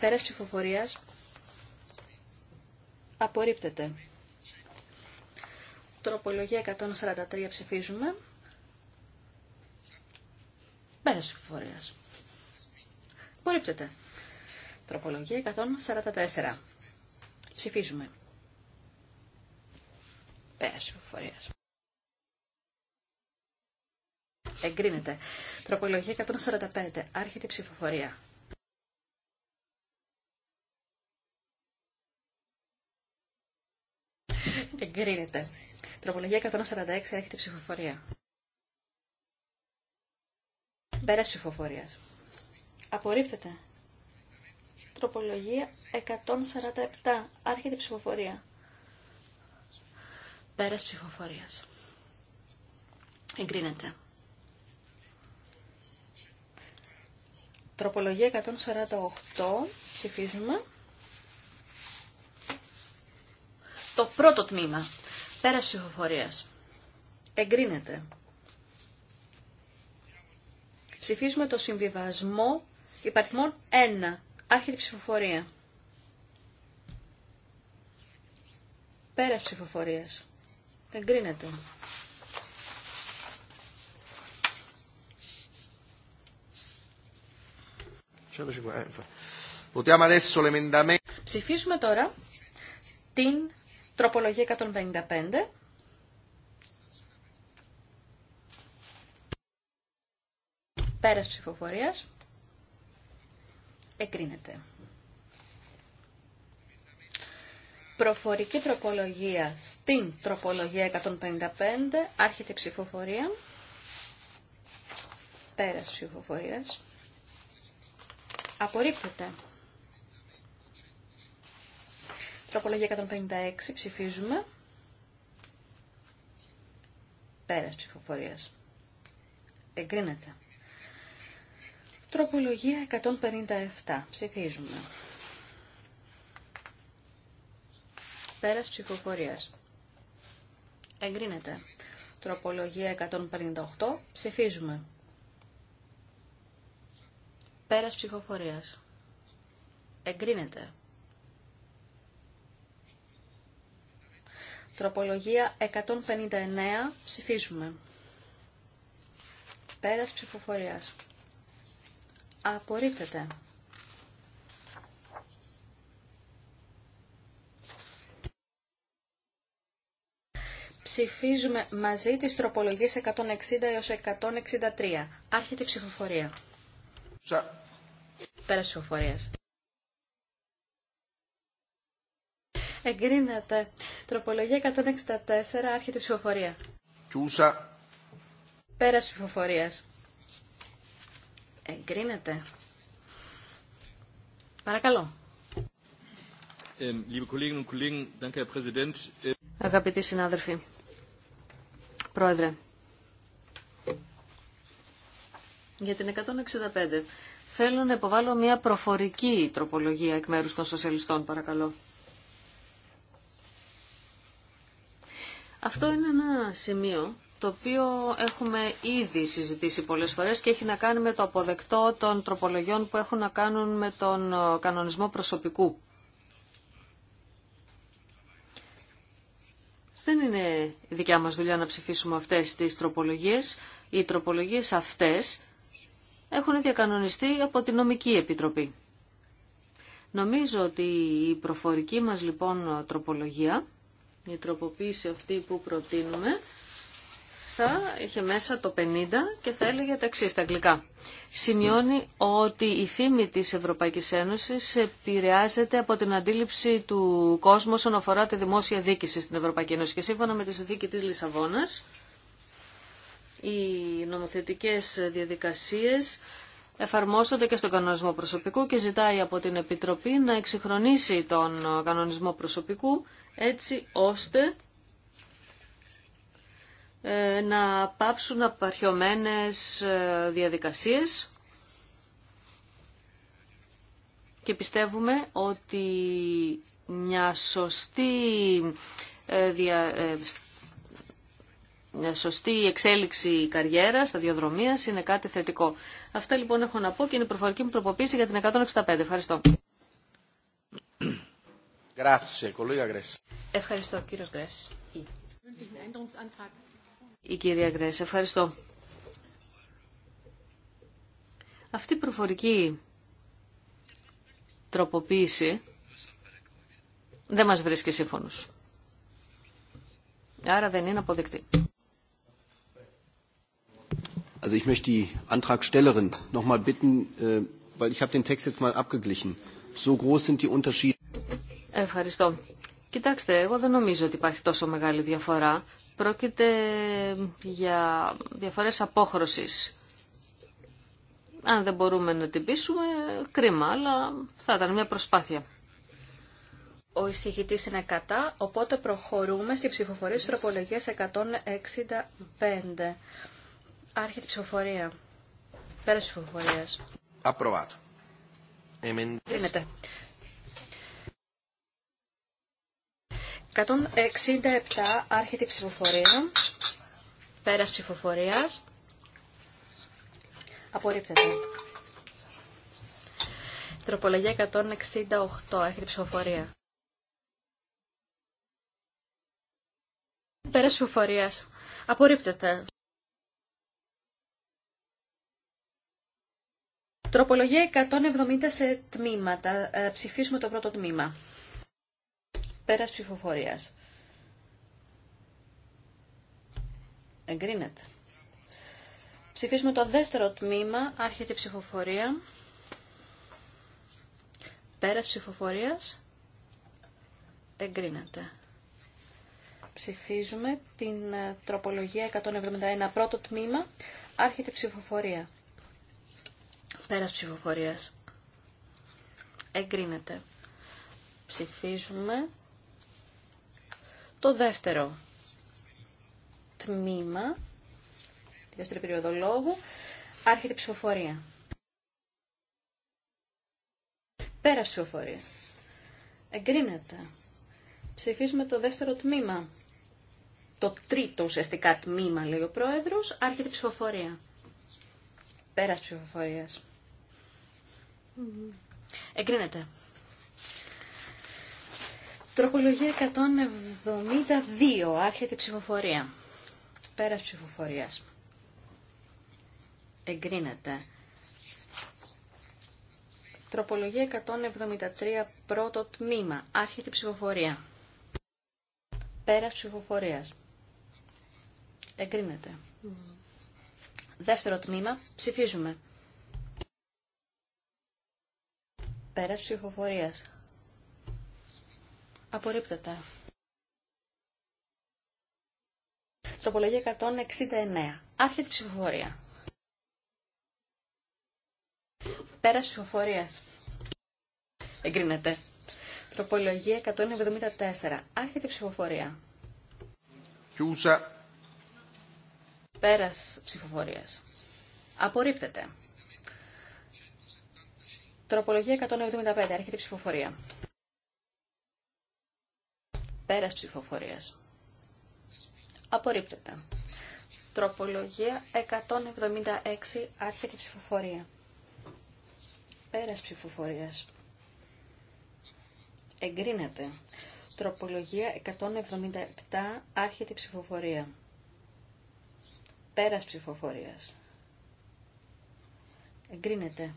Πέρας ψηφοφορίας. Απορρίπτεται. Τροπολογία 143 ψηφίζουμε. Πέρας ψηφοφορίας. Απορρίπτεται. Τροπολογία 144. Ψηφίζουμε. Πέρας ψηφοφορίας. Εγκρίνεται. Τροπολογία 145. Άρχεται η ψηφοφορία. Εγκρίνεται. Τροπολογία 146 έρχεται ψηφοφορία. Πέρα ψηφοφορία. Απορρίπτεται. Τροπολογία 147. Άρχεται ψηφοφορία. Πέρας ψηφοφορίας. Εγκρίνεται. Τροπολογία 148. Ψηφίζουμε. Το πρώτο τμήμα. Πέρα ψηφοφορία. Εγκρίνεται. Ψηφίζουμε το συμβιβασμό υπαριθμών 1. Άρχεται ψηφοφορία. Πέρα ψηφοφορία. Εγκρίνεται. Ψηφίζουμε τώρα την Τροπολογία 155. Πέρας ψηφοφορίας. Εκρίνεται. Προφορική τροπολογία στην τροπολογία 155. Άρχεται ψηφοφορία. Πέρας ψηφοφορίας. Απορρίπτεται. Τροπολογία 156. Ψηφίζουμε. Πέρας ψηφοφορίας. Εγκρίνεται. Τροπολογία 157. Ψηφίζουμε. Πέρας ψηφοφορίας. Εγκρίνεται. Τροπολογία 158. Ψηφίζουμε. Πέρας ψηφοφορίας. Εγκρίνεται. Τροπολογία 159. Ψηφίζουμε. Πέρας ψηφοφορίας. Απορρίπτεται. Ψηφίζουμε μαζί τις τροπολογίες 160 έως 163. Άρχεται η ψηφοφορία. Σα... Πέρας ψηφοφορίας. Εγκρίνεται. Τροπολογία 164, άρχεται η ψηφοφορία. Πέρα Πέρας ψηφοφορίας. Εγκρίνεται. Παρακαλώ. Ε, ε, Αγαπητοί συνάδελφοι, Πρόεδρε, για την 165 θέλω να υποβάλω μια προφορική τροπολογία εκ μέρους των σοσιαλιστών, παρακαλώ. Αυτό είναι ένα σημείο το οποίο έχουμε ήδη συζητήσει πολλές φορές και έχει να κάνει με το αποδεκτό των τροπολογιών που έχουν να κάνουν με τον ε, κανονισμό προσωπικού. Δεν είναι δικιά μας δουλειά να ψηφίσουμε αυτές τις τροπολογίες. Οι τροπολογίες αυτές έχουν διακανονιστεί από την Νομική Επιτροπή. Νομίζω ότι η προφορική μας λοιπόν τροπολογία η τροποποίηση αυτή που προτείνουμε θα είχε μέσα το 50 και θα έλεγε τα εξή στα αγγλικά. Σημειώνει ότι η φήμη της Ευρωπαϊκής Ένωσης επηρεάζεται από την αντίληψη του κόσμου όσον αφορά τη δημόσια δίκηση στην Ευρωπαϊκή Ένωση. Και σύμφωνα με τη συνθήκη της Λισαβόνας, οι νομοθετικές διαδικασίες εφαρμόζονται και στον κανονισμό προσωπικού και ζητάει από την Επιτροπή να εξυγχρονίσει τον κανονισμό προσωπικού έτσι ώστε ε, να πάψουν απαρχιωμένες ε, διαδικασίες και πιστεύουμε ότι μια σωστή, ε, δια, σωστή εξέλιξη καριέρας, σταδιοδρομίας είναι κάτι θετικό. Αυτά λοιπόν έχω να πω και είναι η προφορική μου τροποποίηση για την 165. Ευχαριστώ. Ευχαριστώ, κύριος Γκρέσ. Η κυρία Γκρέσ, ευχαριστώ. Αυτή η προφορική τροποποίηση δεν μας βρίσκει σύμφωνος. Άρα δεν είναι αποδεκτή. Also ich möchte die Antragstellerin noch mal bitten, weil ich habe den Text jetzt mal abgeglichen. So groß sind die Unterschiede. Ευχαριστώ. Κοιτάξτε, εγώ δεν νομίζω ότι υπάρχει τόσο μεγάλη διαφορά. Πρόκειται για διαφορές απόχρωσης. Αν δεν μπορούμε να την πείσουμε, κρίμα, αλλά θα ήταν μια προσπάθεια. Ο εισηγητής είναι κατά, οπότε προχωρούμε στη ψηφοφορία στις 165. Άρχεται η ψηφοφορία. Πέρα ψηφοφορίας. Απροβάτω. 167 άρχιτη ψηφοφορία. Πέρας ψηφοφορίας. Απορρίπτεται. Τροπολογία 168 άρχιτη ψηφοφορία. Πέρας ψηφοφορίας. Απορρίπτεται. Τροπολογία 170 σε τμήματα. Ε, ψηφίσουμε το πρώτο τμήμα. Πέρας ψηφοφορίας. Εγκρίνεται. Ψηφίσουμε το δεύτερο τμήμα, άρχεται η ψηφοφορία. Πέρας ψηφοφορίας. Εγκρίνεται. Ψηφίζουμε την ε, τροπολογία 171 πρώτο τμήμα, άρχεται η ψηφοφορία. Πέρας ψηφοφορίας. Εγκρίνεται. Ψηφίζουμε το δεύτερο τμήμα, τη δεύτερη περίοδο λόγου, άρχεται η ψηφοφορία. Πέρα ψηφοφορία. Εγκρίνεται. Ψηφίζουμε το δεύτερο τμήμα. Το τρίτο ουσιαστικά τμήμα, λέει ο πρόεδρος, άρχεται η ψηφοφορία. Πέρα ψηφοφορίας. Εγκρίνεται. Τροπολογία 172. Άρχεται η ψηφοφορία. Πέρας ψηφοφορίας. Εγκρίνεται. Τροπολογία 173. Πρώτο τμήμα. Άρχεται η ψηφοφορία. Πέρας ψηφοφορίας. Εγκρίνεται. Δεύτερο τμήμα. Ψηφίζουμε. Πέρας ψηφοφορίας. Απορρίπτεται. Τροπολογία 169. Άρχεται η ψηφοφορία. Πέρα ψηφοφορία. Εγκρίνεται. Τροπολογία 174. Άρχεται η ψηφοφορία. Κιούσα. Πέρα ψηφοφορία. Απορρίπτεται. Τροπολογία 175. Άρχεται η ψηφοφορία. Πέρας ψηφοφορίας. Απορρίπτεται. Τροπολογία 176 άρχεται ψηφοφορία. Πέρας ψηφοφορίας. Εγκρίνεται. Τροπολογία 177 άρχεται ψηφοφορία. Πέρας ψηφοφορίας. Εγκρίνεται.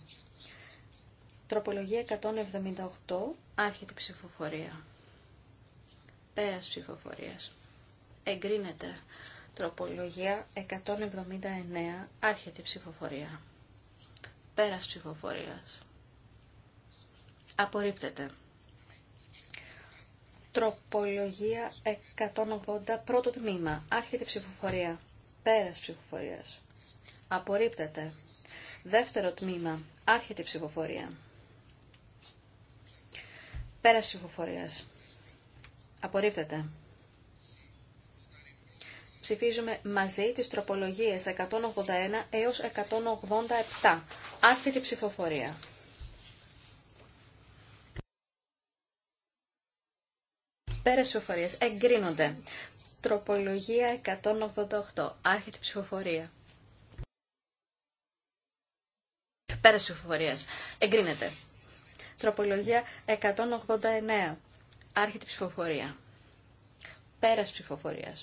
Τροπολογία 178 άρχεται ψηφοφορία. Πέρας ψηφοφορίας. Εγκρίνεται. Τροπολογία 179. Άρχεται η ψηφοφορία. Πέρας ψηφοφορίας. Απορρίπτεται. Τροπολογία 180. Πρώτο τμήμα. Άρχεται η ψηφοφορία. Πέρας ψηφοφορίας. Απορρίπτεται. Δεύτερο τμήμα. Άρχεται η ψηφοφορία. Πέρας ψηφοφορίας. Απορρίπτεται. Ψηφίζουμε μαζί τις τροπολογίες 181 έως 187. Άρχεται ψηφοφορία. Πέρα ψηφοφορίες. Εγκρίνονται. Τροπολογία 188. Άρχεται ψηφοφορία. Πέρα ψηφοφορίας. Εγκρίνεται. Τροπολογία 189. Άρχεται ψηφοφορία. Πέρας ψηφοφορία.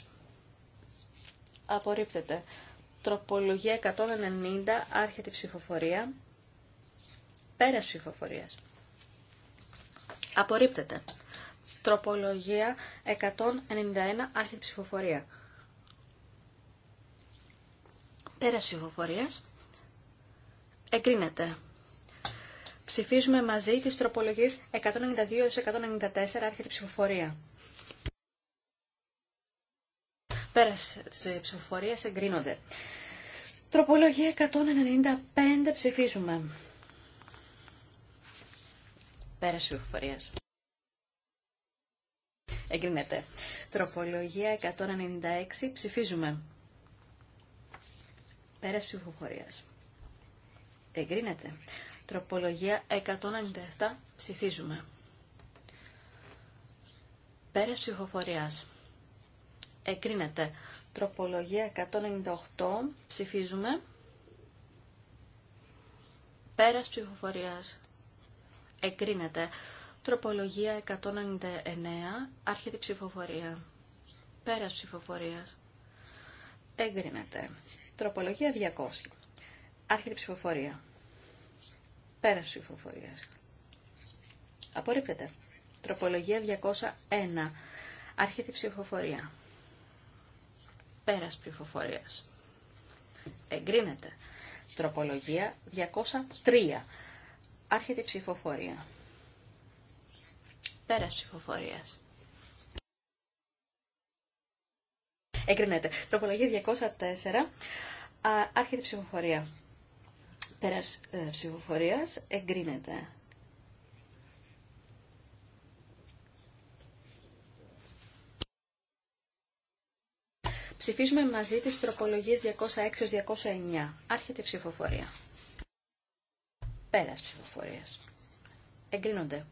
Απορρίπτεται. Τροπολογία 190. Άρχεται ψηφοφορία. Πέρας ψηφοφορίας. Απορρίπτεται. Τροπολογία 191. Άρχεται ψηφοφορία. Πέρας ψηφοφορίας. Εγκρίνεται. Ψηφίζουμε μαζί τις τροπολογίες 192-194 άρχεται ψηφοφορία. Πέρασε τις ψηφοφορίες εγκρίνονται. Τροπολογία 195 ψηφίζουμε. Πέρασε ψηφοφορία. Εγκρίνεται. Τροπολογία 196 ψηφίζουμε. Πέρασε ψηφοφορία εγκρίνεται. Τροπολογία 197 ψηφίζουμε. Πέρας ψηφοφορίας. Εγκρίνεται. Τροπολογία 198 ψηφίζουμε. Πέρας ψηφοφορίας. Εγκρίνεται. Τροπολογία 199 άρχεται ψηφοφορία. Πέρας ψηφοφορίας. Εγκρίνεται. Τροπολογία 200. Άρχεται ψηφοφορία. Πέρας ψηφοφορίας. Απορρίπτεται. Τροπολογία 201. Άρχεται η ψηφοφορία. Πέρας ψηφοφορίας. Εγκρίνεται. Τροπολογία 203. Άρχεται η ψηφοφορία. Πέρας ψηφοφορίας. Εγκρίνεται. Τροπολογία 204. Άρχεται η ψηφοφορία. Πέρας ε, ψηφοφορίας εγκρίνεται. Ψηφίζουμε μαζί τις τροπολογίες 206-209. Άρχεται η ψηφοφορία. Πέρας ψηφοφορίας. Εγκρίνονται.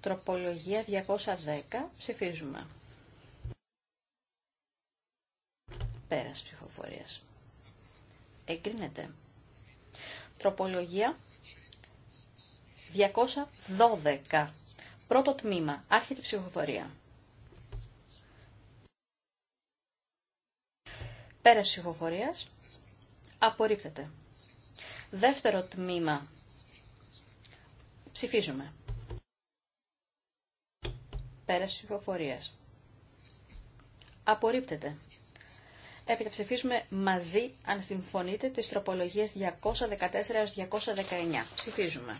Τροπολογία 210. Ψηφίζουμε. Πέρας ψηφοφορίας εγκρίνεται. Τροπολογία 212. Πρώτο τμήμα. Άρχεται ψυχοφορία. Πέρας ψυχοφορίας. Απορρίπτεται. Δεύτερο τμήμα. Ψηφίζουμε. Πέρας ψυχοφορίας. Απορρίπτεται. Έπειτα ψηφίσουμε μαζί, αν συμφωνείτε, τις τροπολογίες 214 έως 219. Ψηφίζουμε.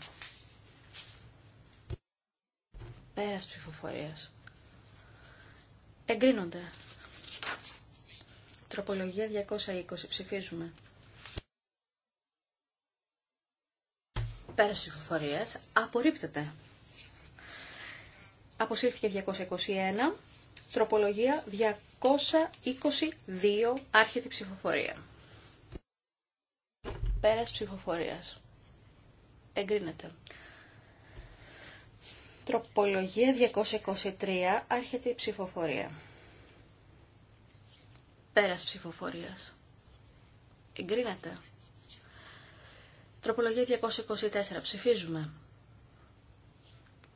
Πέρας ψηφοφορίας. Εγκρίνονται. Τροπολογία 220. Ψηφίζουμε. Πέρας ψηφοφορίας. Απορρίπτεται. Αποσύρθηκε 221. Τροπολογία 222. Άρχεται ψηφοφορία. Πέρας ψηφοφορίας. Εγκρίνεται. Τροπολογία 223. Άρχεται ψηφοφορία. Πέρας ψηφοφορίας. Εγκρίνεται. Τροπολογία 224. Ψηφίζουμε.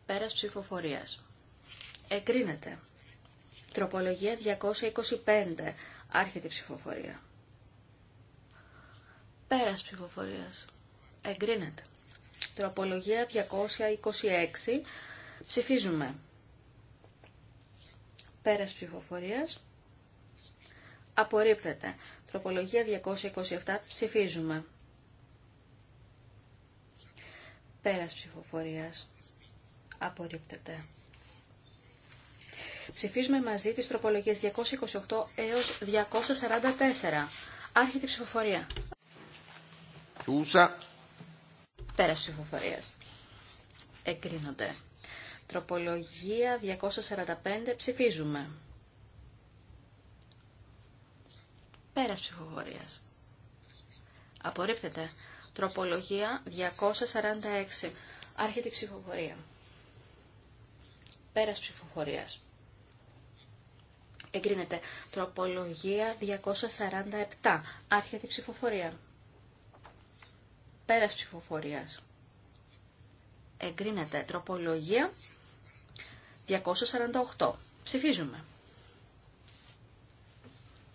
Πέρας ψηφοφορίας. Εγκρίνεται. Τροπολογία 225. Άρχεται η ψηφοφορία. Πέρας ψηφοφορίας. Εγκρίνεται. Τροπολογία 226. Ψηφίζουμε. Πέρας ψηφοφορίας. Απορρίπτεται. Τροπολογία 227. Ψηφίζουμε. Πέρας ψηφοφορίας. Απορρίπτεται. Ψηφίζουμε μαζί τις τροπολογίες 228 έως 244. Άρχεται η ψηφοφορία. Τούσα. Πέρας ψηφοφορίας. Εγκρίνονται. Τροπολογία 245. Ψηφίζουμε. Πέρας ψηφοφορίας. Απορρίπτεται. Τροπολογία 246. Άρχεται η ψηφοφορία. Πέρας ψηφοφορίας. Εγκρίνεται. Τροπολογία 247. Άρχεται η ψηφοφορία. Πέρας ψηφοφορίας. Εγκρίνεται. Τροπολογία 248. Ψηφίζουμε.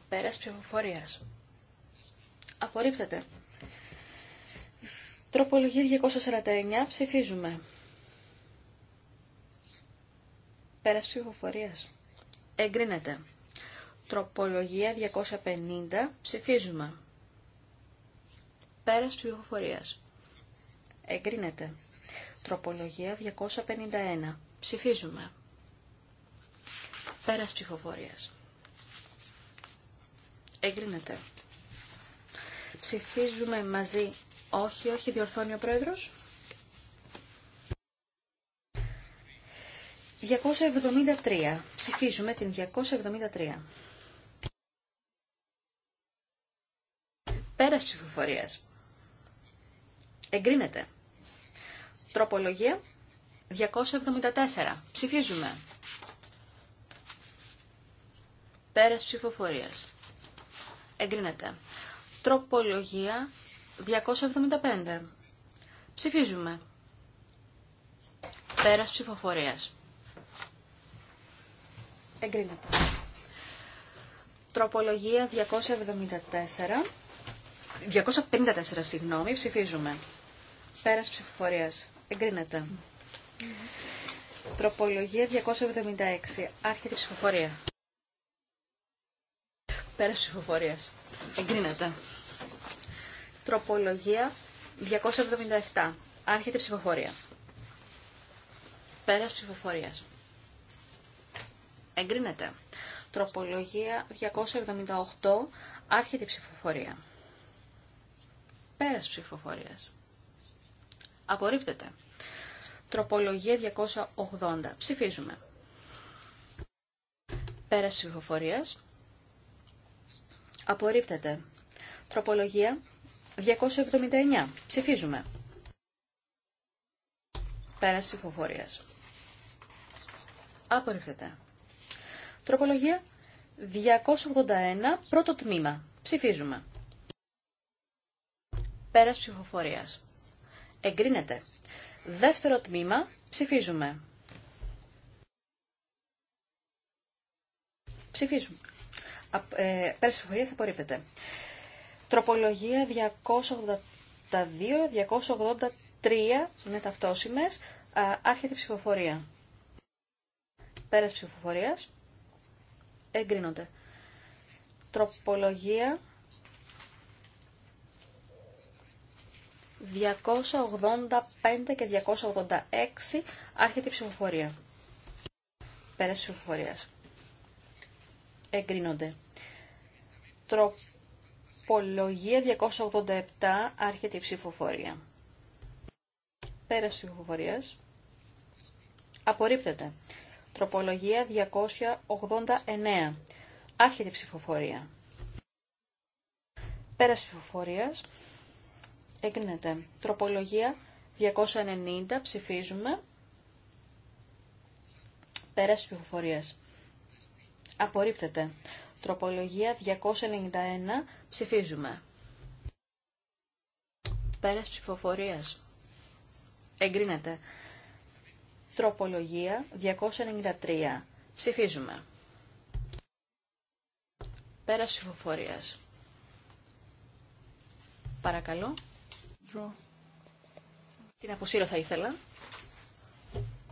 Πέρας ψηφοφορίας. Απορρίπτεται. Τροπολογία 249. Ψηφίζουμε. Πέρας ψηφοφορίας εγκρίνεται. Τροπολογία 250, ψηφίζουμε. Πέρας ψηφοφορίας. Εγκρίνεται. Τροπολογία 251, ψηφίζουμε. Πέρας ψηφοφορίας. Εγκρίνεται. Ψηφίζουμε μαζί. Όχι, όχι, διορθώνει ο πρόεδρος. 273. Ψηφίζουμε την 273. Πέρας ψηφοφορίας. Εγκρίνεται. Τροπολογία 274. Ψηφίζουμε. Πέρας ψηφοφορίας. Εγκρίνεται. Τροπολογία 275. Ψηφίζουμε. Πέρας ψηφοφορίας. Εγκρίνεται. Τροπολογία 274. 254, συγγνώμη, ψηφίζουμε. Πέρας ψηφοφορίας. Εγκρίνεται. Τροπολογία 276. Άρχεται ψηφοφορία. Πέρας ψηφοφορίας. Εγκρίνεται. Τροπολογία 277. Άρχεται ψηφοφορία. Πέρας ψηφοφορίας. Εγκρίνεται. Τροπολογία 278. Άρχεται η ψηφοφορία. Πέρας ψηφοφορίας. Απορρίπτεται. Τροπολογία 280. Ψηφίζουμε. Πέρας ψηφοφορίας. Απορρίπτεται. Τροπολογία 279. Ψηφίζουμε. Πέρας ψηφοφορίας. Απορρίπτεται. Τροπολογία 281, πρώτο τμήμα. Ψηφίζουμε. Πέρας ψηφοφορίας. Εγκρίνεται. Δεύτερο τμήμα. Ψηφίζουμε. Ψηφίζουμε. Ε, πέρας ψηφοφορίας απορρίπτεται. Τροπολογία 282-283 είναι ταυτόσιμες. Άρχεται ψηφοφορία. Πέρας ψηφοφορίας εγκρίνονται. Τροπολογία 285 και 286 άρχεται η ψηφοφορία. Πέρα ψηφοφορίας. Εγκρίνονται. Τροπολογία 287 άρχεται η ψηφοφορία. Πέρα ψηφοφορίας. Απορρίπτεται. Τροπολογία 289. Άρχεται ψηφοφορία. Πέρας ψηφοφορίας. Έγκρινεται. Τροπολογία 290. Ψηφίζουμε. Πέρας ψηφοφορίας. Απορρίπτεται. Τροπολογία 291. Ψηφίζουμε. Πέρας ψηφοφορίας. Εγκρίνεται. Τροπολογία 293. Ψηφίζουμε. Πέρας ψηφοφορίας. Παρακαλώ. Την αποσύρω θα ήθελα.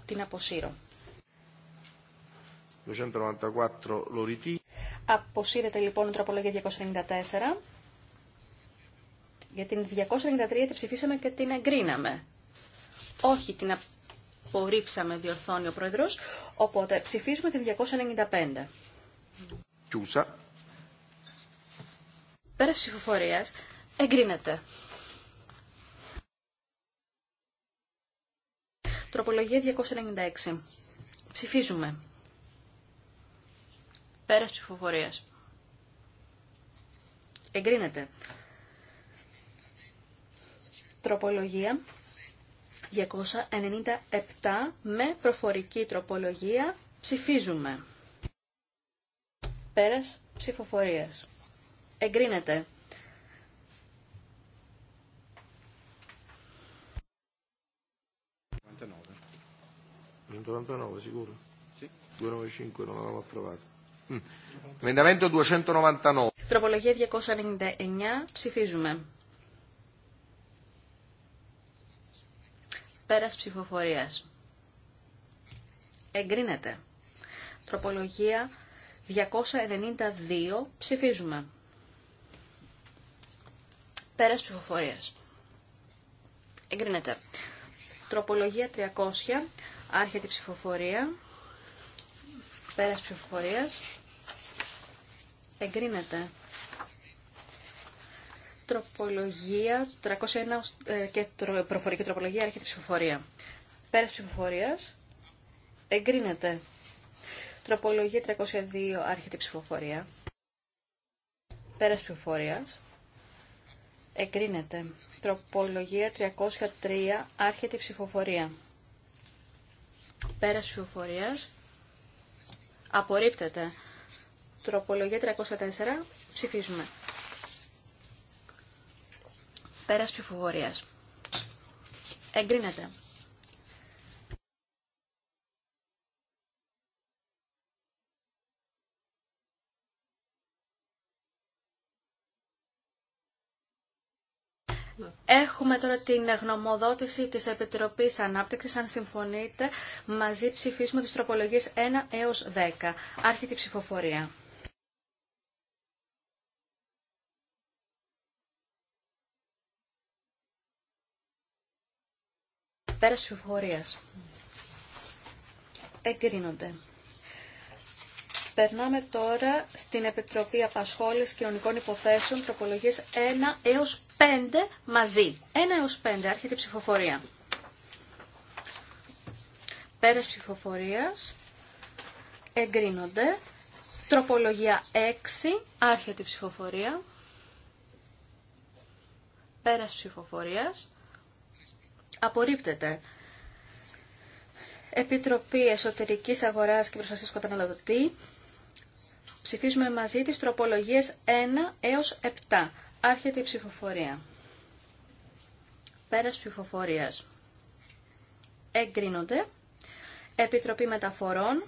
Την αποσύρω. 294 Αποσύρεται λοιπόν η τροπολογία 294. Για την 293 τη ψηφίσαμε και την εγκρίναμε. Όχι, την απορρίψαμε, διορθώνει ο Πρόεδρος. Οπότε ψηφίζουμε την 295. Κιούσα. Πέρα ψηφοφορία, εγκρίνεται. Τροπολογία 296. Ψηφίζουμε. Πέρας ψηφοφορία. Εγκρίνεται. Τροπολογία 297 με προφορική τροπολογία ψηφίζουμε. Πέρας ψηφοφορίας. Εγκρίνεται. sicuro? Sì. 295 non l'avevamo approvato. Emendamento 299. Τροπολογία 299 ψηφίζουμε. Πέρας ψηφοφορίας. Εγκρίνεται. Τροπολογία 292. Ψηφίζουμε. Πέρας ψηφοφορίας. Εγκρίνεται. Τροπολογία 300. Άρχεται ψηφοφορία. Πέρας ψηφοφορίας. Εγκρίνεται τροπολογία 301 ε, και προφορική τροπολογία έρχεται ψηφοφορία. Πέρας ψηφοφορίας εγκρίνεται. Τροπολογία 302 άρχεται ψηφοφορία. Πέρας ψηφοφορίας εγκρίνεται. Τροπολογία 303 άρχεται ψηφοφορία. Πέρας ψηφοφορίας απορρίπτεται. Τροπολογία 304 ψηφίζουμε. Πέρας ψηφοφορίας. Εγκρίνεται. Έχουμε τώρα την γνωμοδότηση της Επιτροπής Ανάπτυξης. Αν συμφωνείτε, μαζί ψηφίσουμε τις τροπολογίες 1 έως 10. Άρχεται η ψηφοφορία. Πέρας ψηφοφορίας. Εγκρίνονται. Περνάμε τώρα στην Επιτροπή και Κοινωνικών Υποθέσεων, τροπολογίες 1 έω 5 μαζί. 1 έω 5, άρχεται η ψηφοφορία. Πέρας ψηφοφορία. Εγκρίνονται. Τροπολογία 6, άρχεται η ψηφοφορία. Πέρας ψηφοφορίας. Απορρίπτεται. Επιτροπή Εσωτερικής Αγοράς και Προστασίας Καταναλωτή. Ψηφίζουμε μαζί τις τροπολογίες 1 έως 7. Άρχεται η ψηφοφορία. Πέρας ψηφοφορίας. Εγκρίνονται. Επιτροπή Μεταφορών.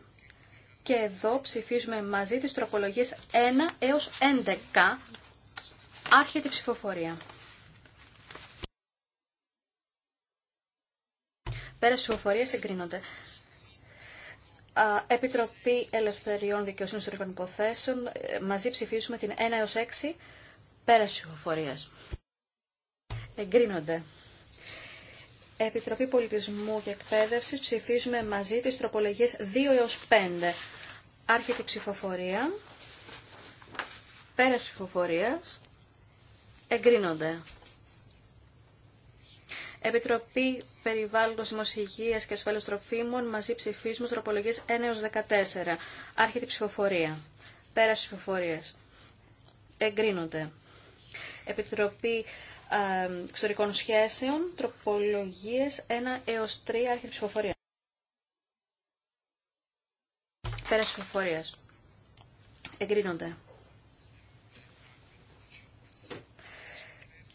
Και εδώ ψηφίζουμε μαζί τις τροπολογίες 1 έως 11. Άρχεται η ψηφοφορία. Πέρα ψηφοφορία εγκρίνονται. Επιτροπή Ελευθεριών Δικαιοσύνης Ιστορικών Υποθέσεων. Ε, μαζί ψηφίσουμε την 1 έως 6. Πέρα ψηφοφορία. Εγκρίνονται. Επιτροπή Πολιτισμού και Εκπαίδευση. Ψηφίζουμε μαζί τις τροπολογίες 2 έως 5. Άρχεται η ψηφοφορία. Πέρα ψηφοφορία. Εγκρίνονται. Επιτροπή Περιβάλλοντο Δημοσυγεία και Ασφάλειας Τροφίμων μαζί ψηφίσουμε τροπολογίες 1 έως 14. Άρχεται η ψηφοφορία. Πέραση ψηφοφορίε. Εγκρίνονται. Επιτροπή Εξωτερικών Σχέσεων, Τροπολογίε 1 έως 3, άρχεται η ψηφοφορία. Πέραση ψηφοφορίε. Εγκρίνονται.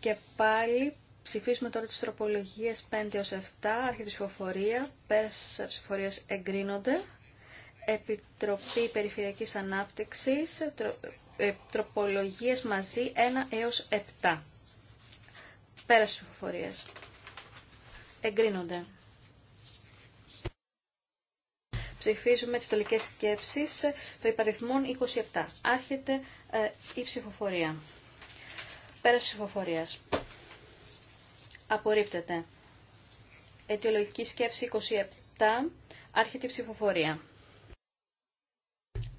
Και πάλι ψηφίσουμε τώρα τις τροπολογίες 5 έως 7, αρχή ψηφοφορία, πέρας ψηφοφορίας εγκρίνονται, Επιτροπή Περιφερειακής Ανάπτυξης, τρο, ε, τροπολογίες μαζί 1 έως 7, πέρας ψηφοφορίας εγκρίνονται. Ψηφίζουμε τις τολικές σκέψεις, το υπαριθμών 27. Άρχεται ε, η ψηφοφορία. Πέρας ψηφοφορίας απορρίπτεται. Αιτιολογική σκέψη 27, άρχεται ψηφοφορία.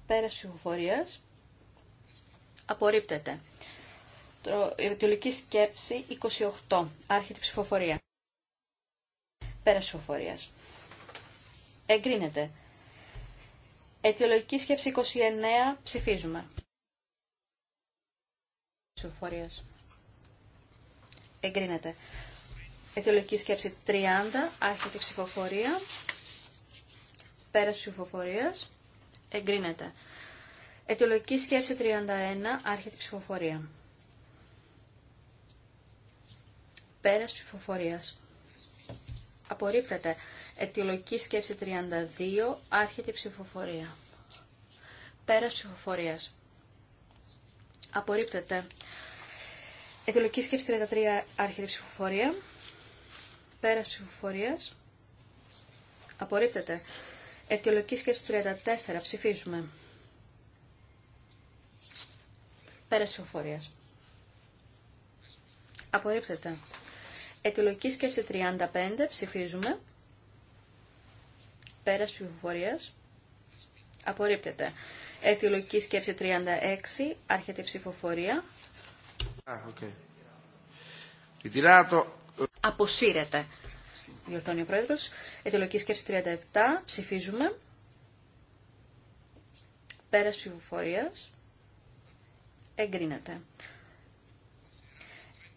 Πέρας ψηφοφορίας, απορρίπτεται. Αιτιολογική σκέψη 28, άρχεται ψηφοφορία. Πέρας ψηφοφορίας. Εγκρίνεται. Αιτιολογική σκέψη 29, ψηφίζουμε. Ψηφοφορίας. Εγκρίνεται. Αιτιολογική σκέψη 30, άρχεται ψηφοφορία. Πέρας ψηφοφορίας, εγκρίνεται. Αιτιολογική σκέψη 31, άρχεται ψηφοφορία. Πέρας ψηφοφορίας. Απορρίπτεται. Αιτιολογική σκέψη 32, άρχεται ψηφοφορία. Πέρας ψηφοφορίας. Απορρίπτεται. Αιτιολογική σκέψη 33, άρχεται ψηφοφορία. Πέρας ψηφοφορίας. Απορρίπτεται. Αιτιολογική σκέψη 34. Ψηφίζουμε. Πέρας ψηφοφορίας. Απορρίπτεται. Αιτιολογική σκέψη 35. Ψηφίζουμε. Πέρας ψηφοφορίας. Απορρίπτεται. Αιτιολογική σκέψη 36. Άρχεται η ψηφοφορία. Ah, okay. Ritirato αποσύρεται. Διορθώνει ο Πρόεδρος. Αιτιολογική σκέψη 37. Ψηφίζουμε. Πέρας ψηφοφορίας. Εγκρίνεται.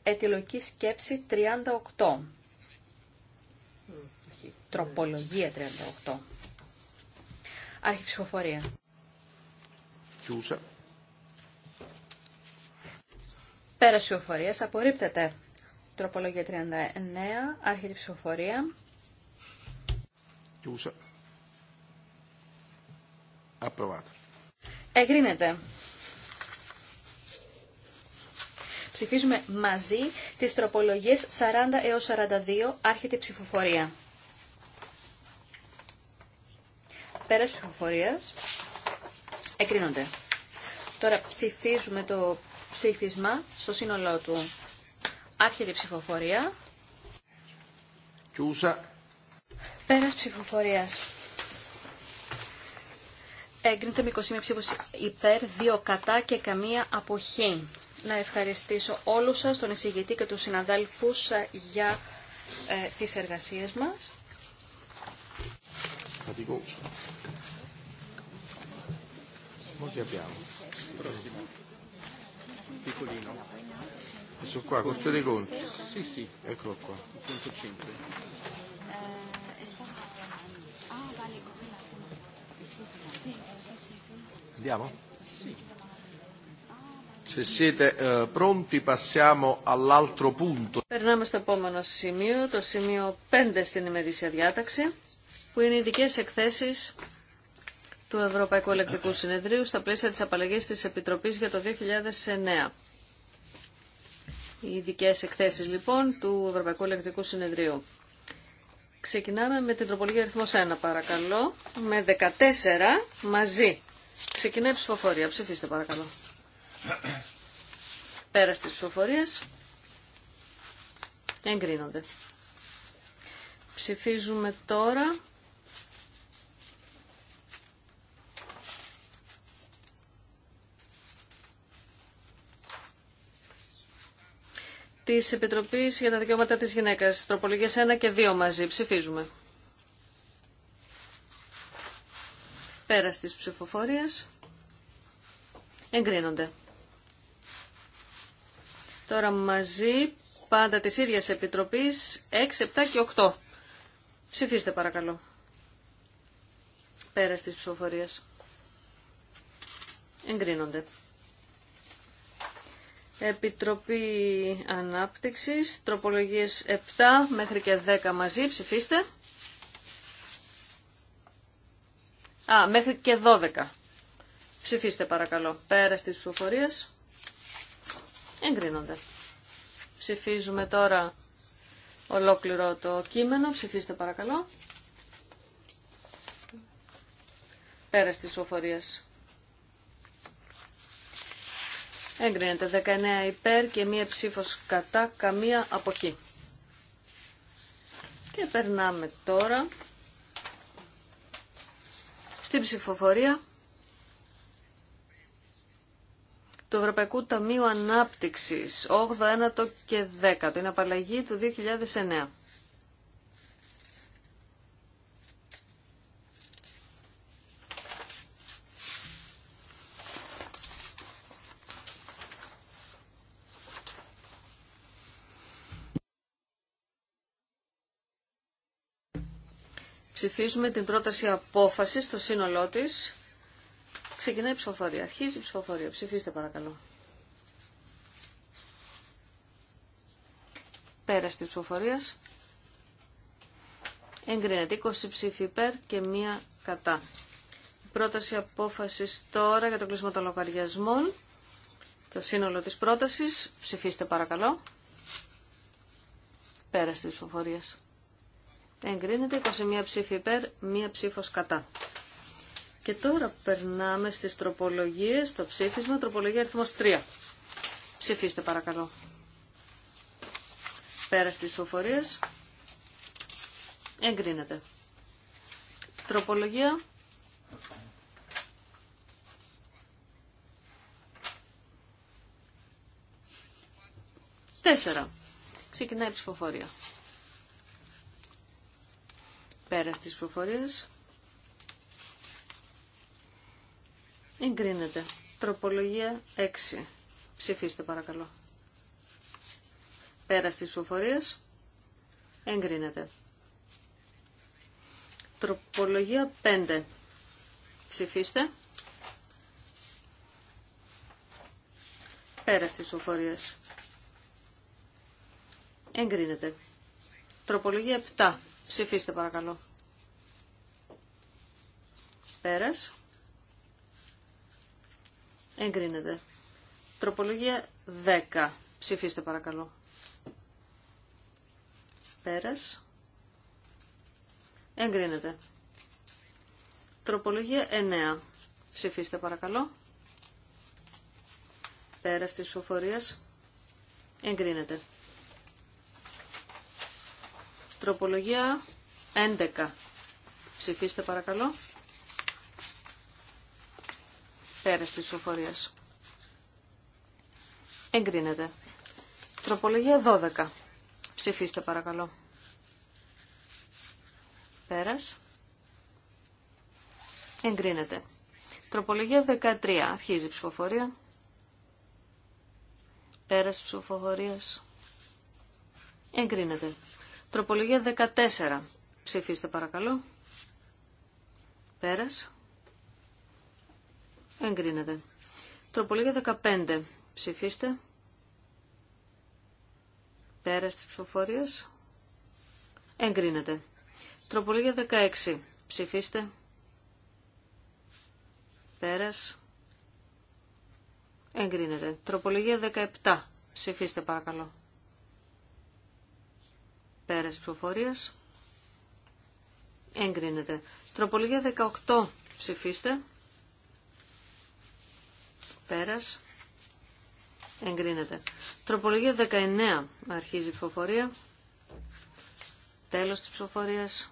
Αιτιολογική σκέψη 38. Τροπολογία 38. Άρχη ψηφοφορία. Πέρας ψηφοφορίας απορρίπτεται. Τροπολογία 39. Άρχεται ψηφοφορία. Εγκρίνεται. Ψηφίζουμε μαζί τις τροπολογίες 40 έως 42. Άρχεται ψηφοφορία. Πέρας ψηφοφορίας. Εγκρίνονται. Τώρα ψηφίζουμε το ψήφισμα στο σύνολό του. Άρχεται η ψηφοφορία. Κιούσα. Πέρας ψηφοφορίας. Έγκρινεται με 21 ψήφους υπέρ, 2 κατά και καμία αποχή. Να ευχαριστήσω όλους σας, τον εισηγητή και τους συναδέλφους για ε, τις εργασίες μας. Questo eh, Περνάμε στο επόμενο σημείο, το σημείο 5 στην ημερήσια διάταξη, που είναι οι ειδικέ εκθέσει του Ευρωπαϊκού Ελεκτρικού Συνεδρίου στα πλαίσια της απαλλαγής της Επιτροπής για το 2009 οι ειδικέ εκθέσεις λοιπόν του Ευρωπαϊκού Ελεκτρικού Συνεδρίου. Ξεκινάμε με την τροπολογία αριθμό 1 παρακαλώ, με 14 μαζί. Ξεκινάει η ψηφοφορία. Ψηφίστε παρακαλώ. Πέρα στις ψηφοφορίες. Εγκρίνονται. Ψηφίζουμε τώρα Τη Επιτροπή για τα Δικαιώματα τη Γυναίκα. Τροπολογίε 1 και 2 μαζί. Ψηφίζουμε. Πέρα τη ψηφοφορία. Εγκρίνονται. Τώρα μαζί πάντα τη ίδια επιτροπή 6, 7 και 8. Ψηφίστε παρακαλώ. Πέρα τη ψηφοφορία. Εγκρίνονται. Επιτροπή Ανάπτυξης, τροπολογίες 7 μέχρι και 10 μαζί, ψηφίστε. Α, μέχρι και 12. Ψηφίστε παρακαλώ. Πέρα στις ψηφοφορίες. Εγκρίνονται. Ψηφίζουμε τώρα ολόκληρο το κείμενο. Ψηφίστε παρακαλώ. Πέρα της ψηφοφορίες. Εγκρίνεται 19 υπέρ και μία ψήφος κατά, καμία αποχή. Και περνάμε τώρα στην ψηφοφορία του Ευρωπαϊκού Ταμείου Ανάπτυξης, 81ο και 10ο, την απαλλαγή του 2009. Ψηφίζουμε την πρόταση απόφαση στο σύνολό τη. Ξεκινάει η ψηφοφορία. Αρχίζει η ψηφοφορία. Ψηφίστε παρακαλώ. Πέραστη τη ψηφοφορίας. Εγκρίνεται 20 ψήφοι υπέρ και μία κατά. Η πρόταση απόφαση τώρα για το κλείσμα των λογαριασμών. Το σύνολο της πρότασης. Ψηφίστε παρακαλώ. Πέραστη τη ψηφοφορίας. Εγκρίνεται 21 ψήφοι υπέρ, 1 ψήφος κατά. Και τώρα περνάμε στις τροπολογίες, το ψήφισμα, τροπολογία αριθμός 3. Ψηφίστε παρακαλώ. Πέρα στις ψηφοφορίες. Εγκρίνεται. Τροπολογία. Τέσσερα. Ξεκινάει η ψηφοφορία. Πέρα στις προφορίες. Εγκρίνεται. Τροπολογία 6. Ψηφίστε παρακαλώ. Πέρα στις προφορίες. Εγκρίνεται. Τροπολογία 5. Ψηφίστε. Πέρα στις προφορίες. Εγκρίνεται. Τροπολογία 7. Ψηφίστε παρακαλώ. Πέρας. Εγκρίνεται. Τροπολογία 10. Ψηφίστε παρακαλώ. Πέρας. Εγκρίνεται. Τροπολογία 9. Ψηφίστε παρακαλώ. Πέρας της ψηφοφορίας. Εγκρίνεται. Τροπολογία 11. Ψηφίστε παρακαλώ. Πέρας της ψηφοφορίας. Εγκρίνεται. Τροπολογία 12. Ψηφίστε παρακαλώ. Πέρας. Εγκρίνεται. Τροπολογία 13. Αρχίζει η ψηφοφορία. Πέρας ψηφοφορίας. Εγκρίνεται. Τροπολογία 14. Ψηφίστε παρακαλώ. Πέρας. Εγκρίνεται. Τροπολογία 15. Ψηφίστε. Πέρας της ψηφοφορίας. Εγκρίνεται. Τροπολογία 16. Ψηφίστε. Πέρας. Εγκρίνεται. Τροπολογία 17. Ψηφίστε παρακαλώ. Πέρας ψηφοφορίας. Εγκρίνεται. Τροπολογία 18. Ψηφίστε. Πέρας. Εγκρίνεται. Τροπολογία 19. Αρχίζει η ψηφοφορία. Τέλος της ψηφοφορίας.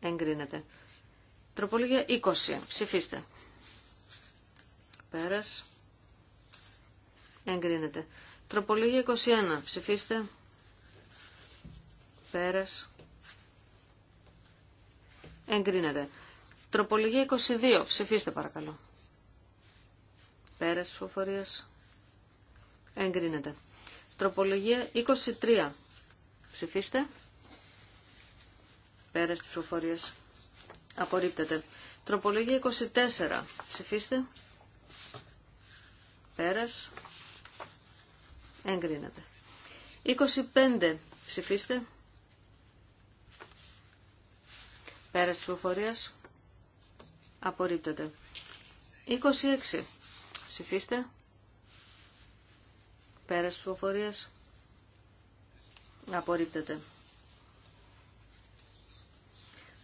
Εγκρίνεται. Τροπολογία 20. Ψηφίστε. Πέρας. Εγκρίνεται. Τροπολογία 21. Ψηφίστε. Πέρας. Εγκρίνεται. Τροπολογία 22. Ψηφίστε παρακαλώ. Πέρας ψηφοφορίας. Εγκρίνεται. Τροπολογία 23. Ψηφίστε. Πέρας τη ψηφοφορίας. Απορρίπτεται. Τροπολογία 24. Ψηφίστε. Πέρας. Εγκρίνεται. 25. Ψηφίστε. Πέρας ψηφοφορίας. Απορρίπτεται. 26. Ψηφίστε. Πέρας ψηφοφορίας. Απορρίπτεται.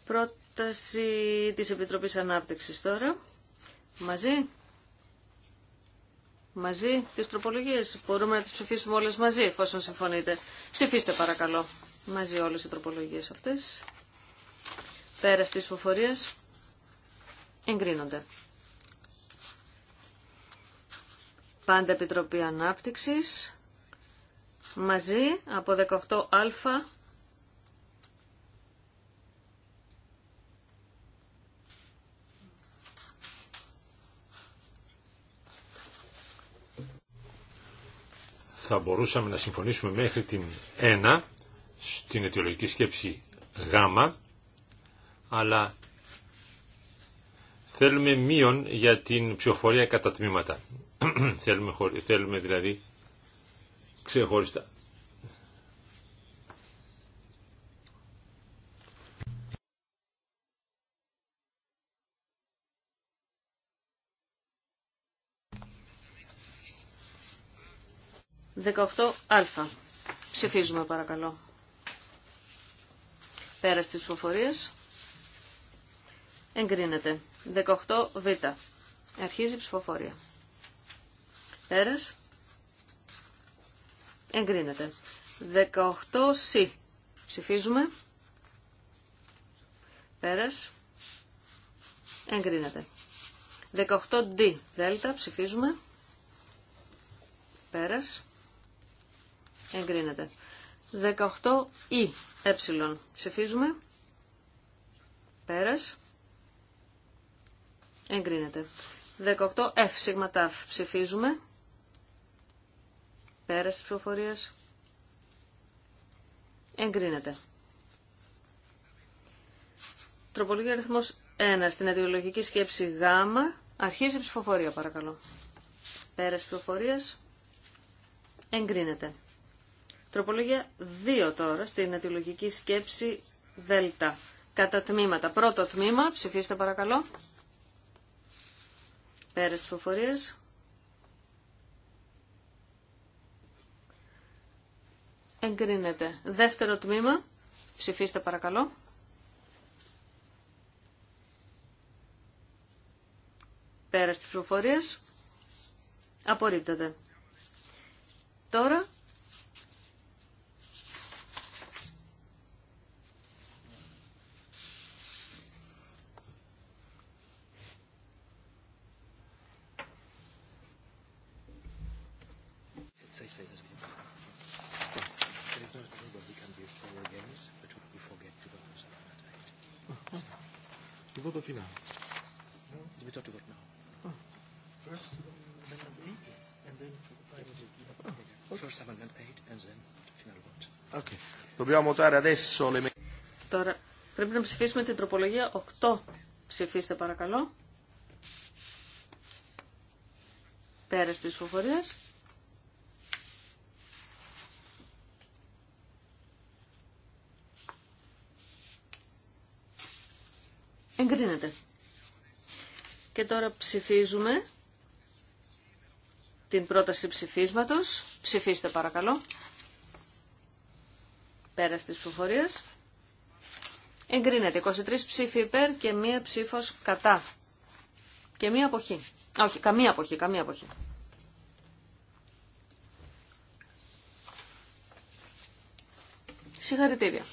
Πρόταση της Επιτροπής Ανάπτυξης τώρα. Μαζί. Μαζί τις τροπολογίες. Μπορούμε να τις ψηφίσουμε όλες μαζί, εφόσον συμφωνείτε. Ψηφίστε παρακαλώ μαζί όλες οι τροπολογίες αυτές. Πέρα στις φοφορίες εγκρινονται εγκρίνονται. Πάντα Επιτροπή Ανάπτυξης μαζί από 18α θα μπορούσαμε να συμφωνήσουμε μέχρι την 1 στην αιτιολογική σκέψη Γ αλλά θέλουμε μείον για την ψηφοφορία κατά τμήματα. θέλουμε, θέλουμε δηλαδή ξεχωριστά. Δεκαοκτώ α. Ψηφίζουμε παρακαλώ. Πέρα στις ψηφοφορίες. Εγκρίνεται. 18β. Αρχίζει η ψηφοφορία. Πέρας. Εγκρίνεται. 18Σ. Ψηφίζουμε. Πέρας. Εγκρίνεται. 18Δ. Δέλτα. Ψηφίζουμε. Πέρας. Εγκρίνεται. 18E. Ε. Ψηφίζουμε. Πέρας. Εγκρίνεται. 18F σίγμα Ψηφίζουμε. Πέρας της ψηφοφορίας. Εγκρίνεται. Τροπολογία αριθμός 1 στην αιτιολογική σκέψη Γ. Αρχίζει η ψηφοφορία παρακαλώ. Πέρας της ψηφοφορίας. Εγκρίνεται. Τροπολογία 2 τώρα στην αιτιολογική σκέψη Δ. Κατά τμήματα. Πρώτο τμήμα. Ψηφίστε παρακαλώ. Πέρα στις προφορίες. Εγκρίνεται. Δεύτερο τμήμα. Ψηφίστε παρακαλώ. Πέρα στις προφορίες. Απορρίπτεται. Τώρα First Τώρα πρέπει να ψηφίσουμε την τροπολογία 8. Ψηφίστε παρακαλώ. Πέρας της ψηφοφορίας. Εγκρίνεται. Και τώρα ψηφίζουμε την πρόταση ψηφίσματος. Ψηφίστε παρακαλώ. Πέρα της ψηφοφορίας. Εγκρίνεται. 23 ψήφοι υπέρ και μία ψήφος κατά. Και μία αποχή. Όχι, καμία αποχή, καμία αποχή. Συγχαρητήρια.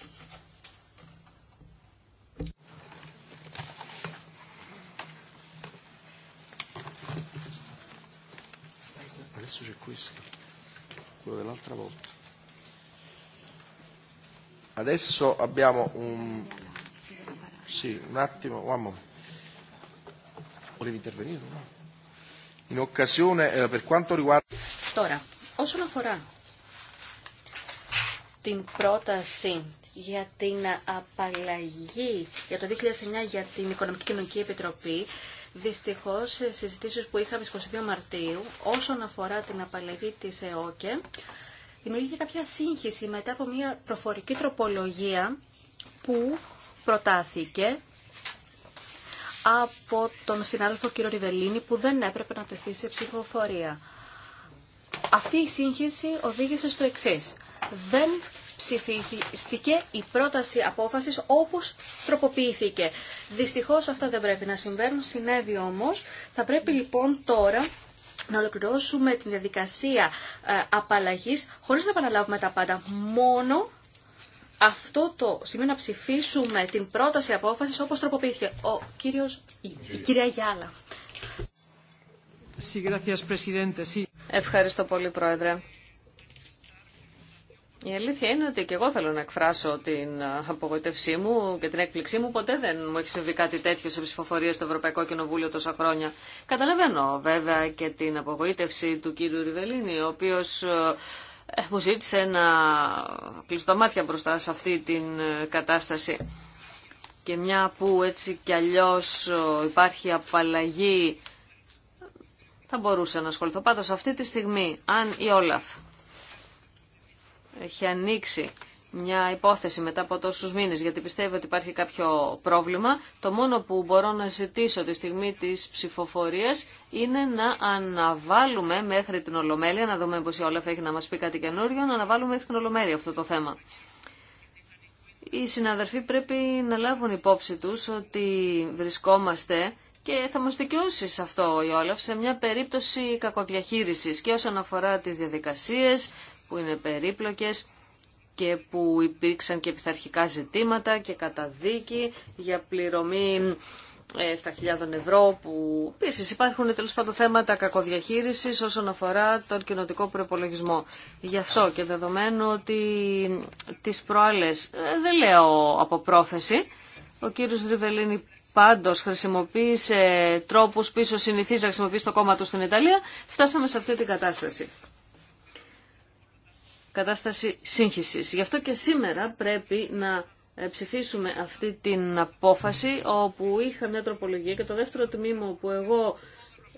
adesso c'è questo, quello dell'altra volta. Adesso abbiamo un... Sì, un attimo, one Volevi intervenire? No? In occasione, eh, per quanto riguarda... ho solo αφορά την πρόταση για την απαλλαγή για το 2009 για την Οικονομική Κοινωνική Επιτροπή, Δυστυχώ, σε συζητήσεις που είχαμε στις 22 Μαρτίου, όσον αφορά την απαλλαγή της ΕΟΚΕ, δημιουργήθηκε κάποια σύγχυση μετά από μια προφορική τροπολογία που προτάθηκε από τον συνάδελφο κύριο Ριβελίνη που δεν έπρεπε να τεθεί σε ψηφοφορία. Αυτή η σύγχυση οδήγησε στο εξή. Δεν ψηφίστηκε η πρόταση απόφασης όπως τροποποιήθηκε. Δυστυχώς αυτά δεν πρέπει να συμβαίνουν, συνέβη όμως. Θα πρέπει λοιπόν τώρα να ολοκληρώσουμε την διαδικασία ε, απαλλαγής χωρίς να επαναλάβουμε τα πάντα μόνο αυτό το σημείο να ψηφίσουμε την πρόταση απόφασης όπως τροποποιήθηκε. Ο κύριος, η κυρία Γιάλα. Ευχαριστώ πολύ, Πρόεδρε. Η αλήθεια είναι ότι και εγώ θέλω να εκφράσω την απογοητευσή μου και την έκπληξή μου. Ποτέ δεν μου έχει συμβεί κάτι τέτοιο σε ψηφοφορία στο Ευρωπαϊκό Κοινοβούλιο τόσα χρόνια. Καταλαβαίνω βέβαια και την απογοήτευση του κύριου Ριβελίνη, ο οποίο ε, μου ζήτησε να κλειστώ μάτια μπροστά σε αυτή την ε, κατάσταση. Και μια που έτσι κι αλλιώ ε, υπάρχει απαλλαγή, θα μπορούσε να ασχοληθώ. Πάντω αυτή τη στιγμή, αν η Όλαφ έχει ανοίξει μια υπόθεση μετά από τόσου μήνε, γιατί πιστεύει ότι υπάρχει κάποιο πρόβλημα, το μόνο που μπορώ να ζητήσω τη στιγμή τη ψηφοφορία είναι να αναβάλουμε μέχρι την Ολομέλεια, να δούμε πω η Όλαφ έχει να μα πει κάτι καινούριο, να αναβάλουμε μέχρι την Ολομέλεια αυτό το θέμα. Οι συναδελφοί πρέπει να λάβουν υπόψη του ότι βρισκόμαστε και θα μας δικαιώσει σε αυτό η Όλαφ σε μια περίπτωση κακοδιαχείρισης και όσον αφορά τις διαδικασίες, που είναι περίπλοκες και που υπήρξαν και πειθαρχικά ζητήματα και καταδίκη για πληρωμή 7.000 ε, ευρώ που επίση υπάρχουν τέλο πάντων θέματα κακοδιαχείρισης όσον αφορά τον κοινοτικό προπολογισμό. Γι' αυτό και δεδομένου ότι τις προάλλες ε, δεν λέω από πρόθεση, ο κύριος Ριβελίνη πάντως χρησιμοποίησε τρόπους πίσω συνηθίζει να χρησιμοποιήσει το κόμμα του στην Ιταλία, φτάσαμε σε αυτή την κατάσταση κατάσταση σύγχυσης. Γι' αυτό και σήμερα πρέπει να ε, ψηφίσουμε αυτή την απόφαση όπου είχα μια τροπολογία και το δεύτερο τμήμα που εγώ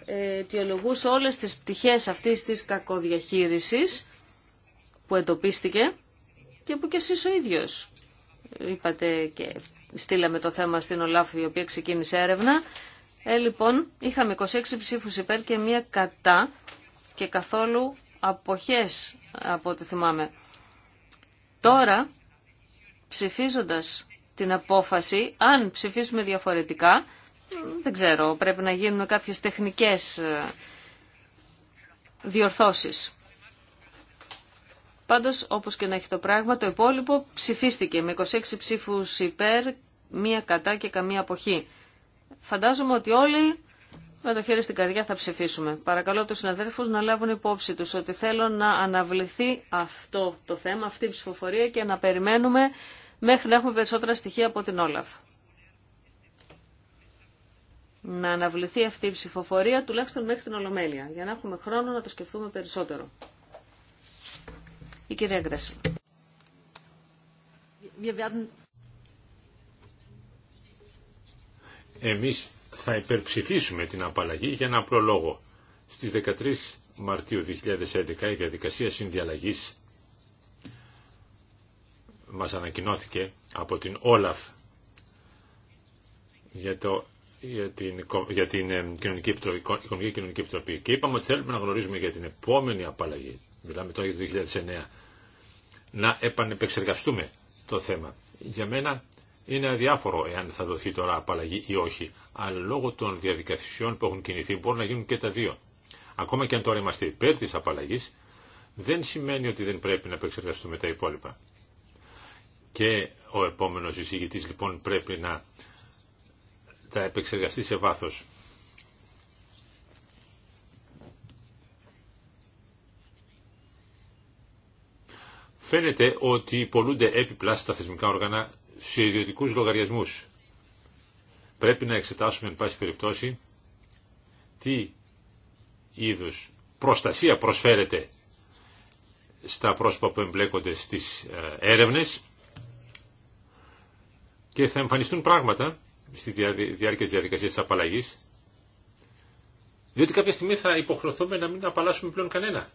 ε, αιτιολογούσα όλες τις πτυχές αυτής της κακοδιαχείρισης που εντοπίστηκε και που και εσείς ο ίδιος είπατε και στείλαμε το θέμα στην ολάφη η οποία ξεκίνησε έρευνα. Ε, λοιπόν, είχαμε 26 ψήφους υπέρ και μία κατά και καθόλου αποχές από ό,τι θυμάμαι. Τώρα, ψηφίζοντας την απόφαση, αν ψηφίσουμε διαφορετικά, δεν ξέρω, πρέπει να γίνουν κάποιες τεχνικές ε, διορθώσεις. Πάντως, όπως και να έχει το πράγμα, το υπόλοιπο ψηφίστηκε με 26 ψήφους υπέρ, μία κατά και καμία αποχή. Φαντάζομαι ότι όλοι με το χέρι στην καρδιά θα ψηφίσουμε. Παρακαλώ τους συναδέλφους να λάβουν υπόψη τους ότι θέλω να αναβληθεί αυτό το θέμα, αυτή η ψηφοφορία και να περιμένουμε μέχρι να έχουμε περισσότερα στοιχεία από την Όλαφ. Να αναβληθεί αυτή η ψηφοφορία τουλάχιστον μέχρι την Ολομέλεια, για να έχουμε χρόνο να το σκεφτούμε περισσότερο. Η κυρία Γκρέση. Εμείς θα υπερψηφίσουμε την απαλλαγή για ένα απλό λόγο. Στις 13 Μαρτίου 2011 η διαδικασία συνδιαλλαγής μας ανακοινώθηκε από την Όλαφ για, το, για την, για την κοινωνική, επιτροπή, Οικονομική Κοινωνική Επιτροπή και είπαμε ότι θέλουμε να γνωρίζουμε για την επόμενη απαλλαγή, μιλάμε τώρα για το 2009, να επανεπεξεργαστούμε το θέμα. Για μένα είναι αδιάφορο εάν θα δοθεί τώρα απαλλαγή ή όχι. Αλλά λόγω των διαδικασιών που έχουν κινηθεί μπορούν να γίνουν και τα δύο. Ακόμα και αν τώρα είμαστε υπέρ τη απαλλαγή, δεν σημαίνει ότι δεν πρέπει να επεξεργαστούμε τα υπόλοιπα. Και ο επόμενο εισηγητή λοιπόν πρέπει να τα επεξεργαστεί σε βάθο. Φαίνεται ότι πολλούνται έπιπλα στα θεσμικά όργανα σε ιδιωτικούς λογαριασμούς. Πρέπει να εξετάσουμε, εν πάση περιπτώσει, τι είδους προστασία προσφέρεται στα πρόσωπα που εμπλέκονται στις ε, έρευνες και θα εμφανιστούν πράγματα στη διάρκεια της διαδικασίας της απαλλαγής διότι κάποια στιγμή θα υποχρεωθούμε να μην απαλλάσσουμε πλέον κανένα.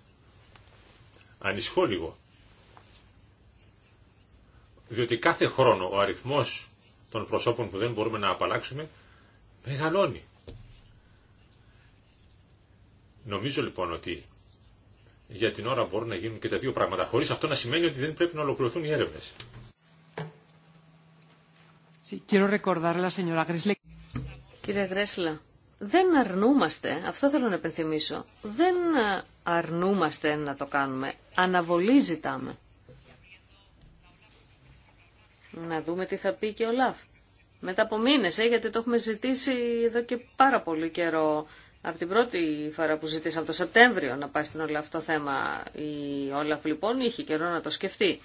Ανησυχώ λίγο διότι κάθε χρόνο ο αριθμός των προσώπων που δεν μπορούμε να απαλλάξουμε μεγαλώνει. Νομίζω λοιπόν ότι για την ώρα μπορούν να γίνουν και τα δύο πράγματα, χωρίς αυτό να σημαίνει ότι δεν πρέπει να ολοκληρωθούν οι έρευνες. Κύριε Γκρέσλα, δεν αρνούμαστε, αυτό θέλω να επενθυμίσω, δεν αρνούμαστε να το κάνουμε, αναβολή ζητάμε. Να δούμε τι θα πει και ο ΛΑΦ. Μετά από μήνες, ε, γιατί το έχουμε ζητήσει εδώ και πάρα πολύ καιρό. Από την πρώτη φορά που ζητήσαμε το Σεπτέμβριο να πάει στην όλα αυτό το θέμα η Όλαφ λοιπόν είχε καιρό να το σκεφτεί.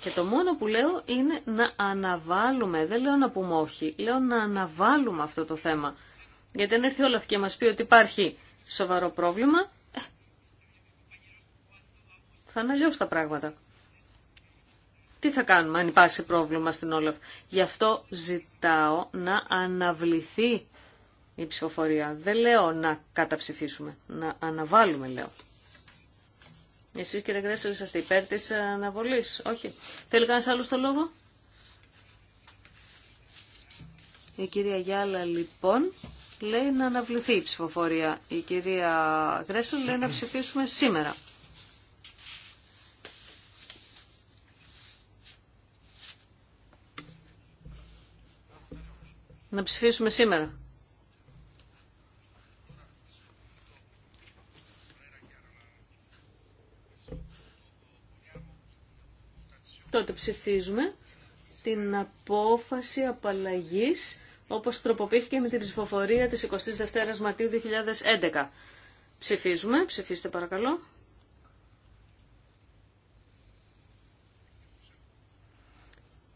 Και το μόνο που λέω είναι να αναβάλουμε, δεν λέω να πούμε όχι, λέω να αναβάλουμε αυτό το θέμα. Γιατί αν έρθει Όλαφ και μας πει ότι υπάρχει σοβαρό πρόβλημα, ε, θα είναι τα πράγματα τι θα κάνουμε αν υπάρξει πρόβλημα στην Όλαφ. Γι' αυτό ζητάω να αναβληθεί η ψηφοφορία. Δεν λέω να καταψηφίσουμε, να αναβάλουμε λέω. Εσείς κύριε Γκρέσσερ είσαστε υπέρ της αναβολής, όχι. Θέλει κανένας άλλος το λόγο. Η κυρία Γιάλα λοιπόν λέει να αναβληθεί η ψηφοφορία. Η κυρία Γκρέσσερ λέει να ψηφίσουμε σήμερα. Να ψηφίσουμε σήμερα. Τότε ψηφίζουμε την απόφαση απαλλαγής όπως τροποποιήθηκε με την ψηφοφορία της 22ης Μαρτίου 2011. Ψηφίζουμε. Ψηφίστε παρακαλώ.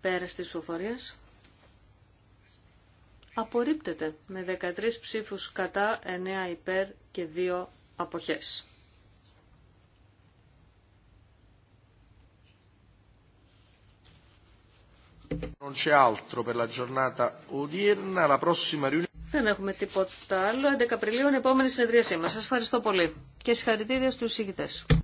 Πέρας της ψηφοφορία απορρίπτεται με 13 ψήφους κατά, 9 υπέρ και 2 αποχές. Δεν έχουμε τίποτα άλλο. 11 Απριλίου είναι η επόμενη συνεδρίασή μας. Σας ευχαριστώ πολύ και συγχαρητήρια στους συγκητές.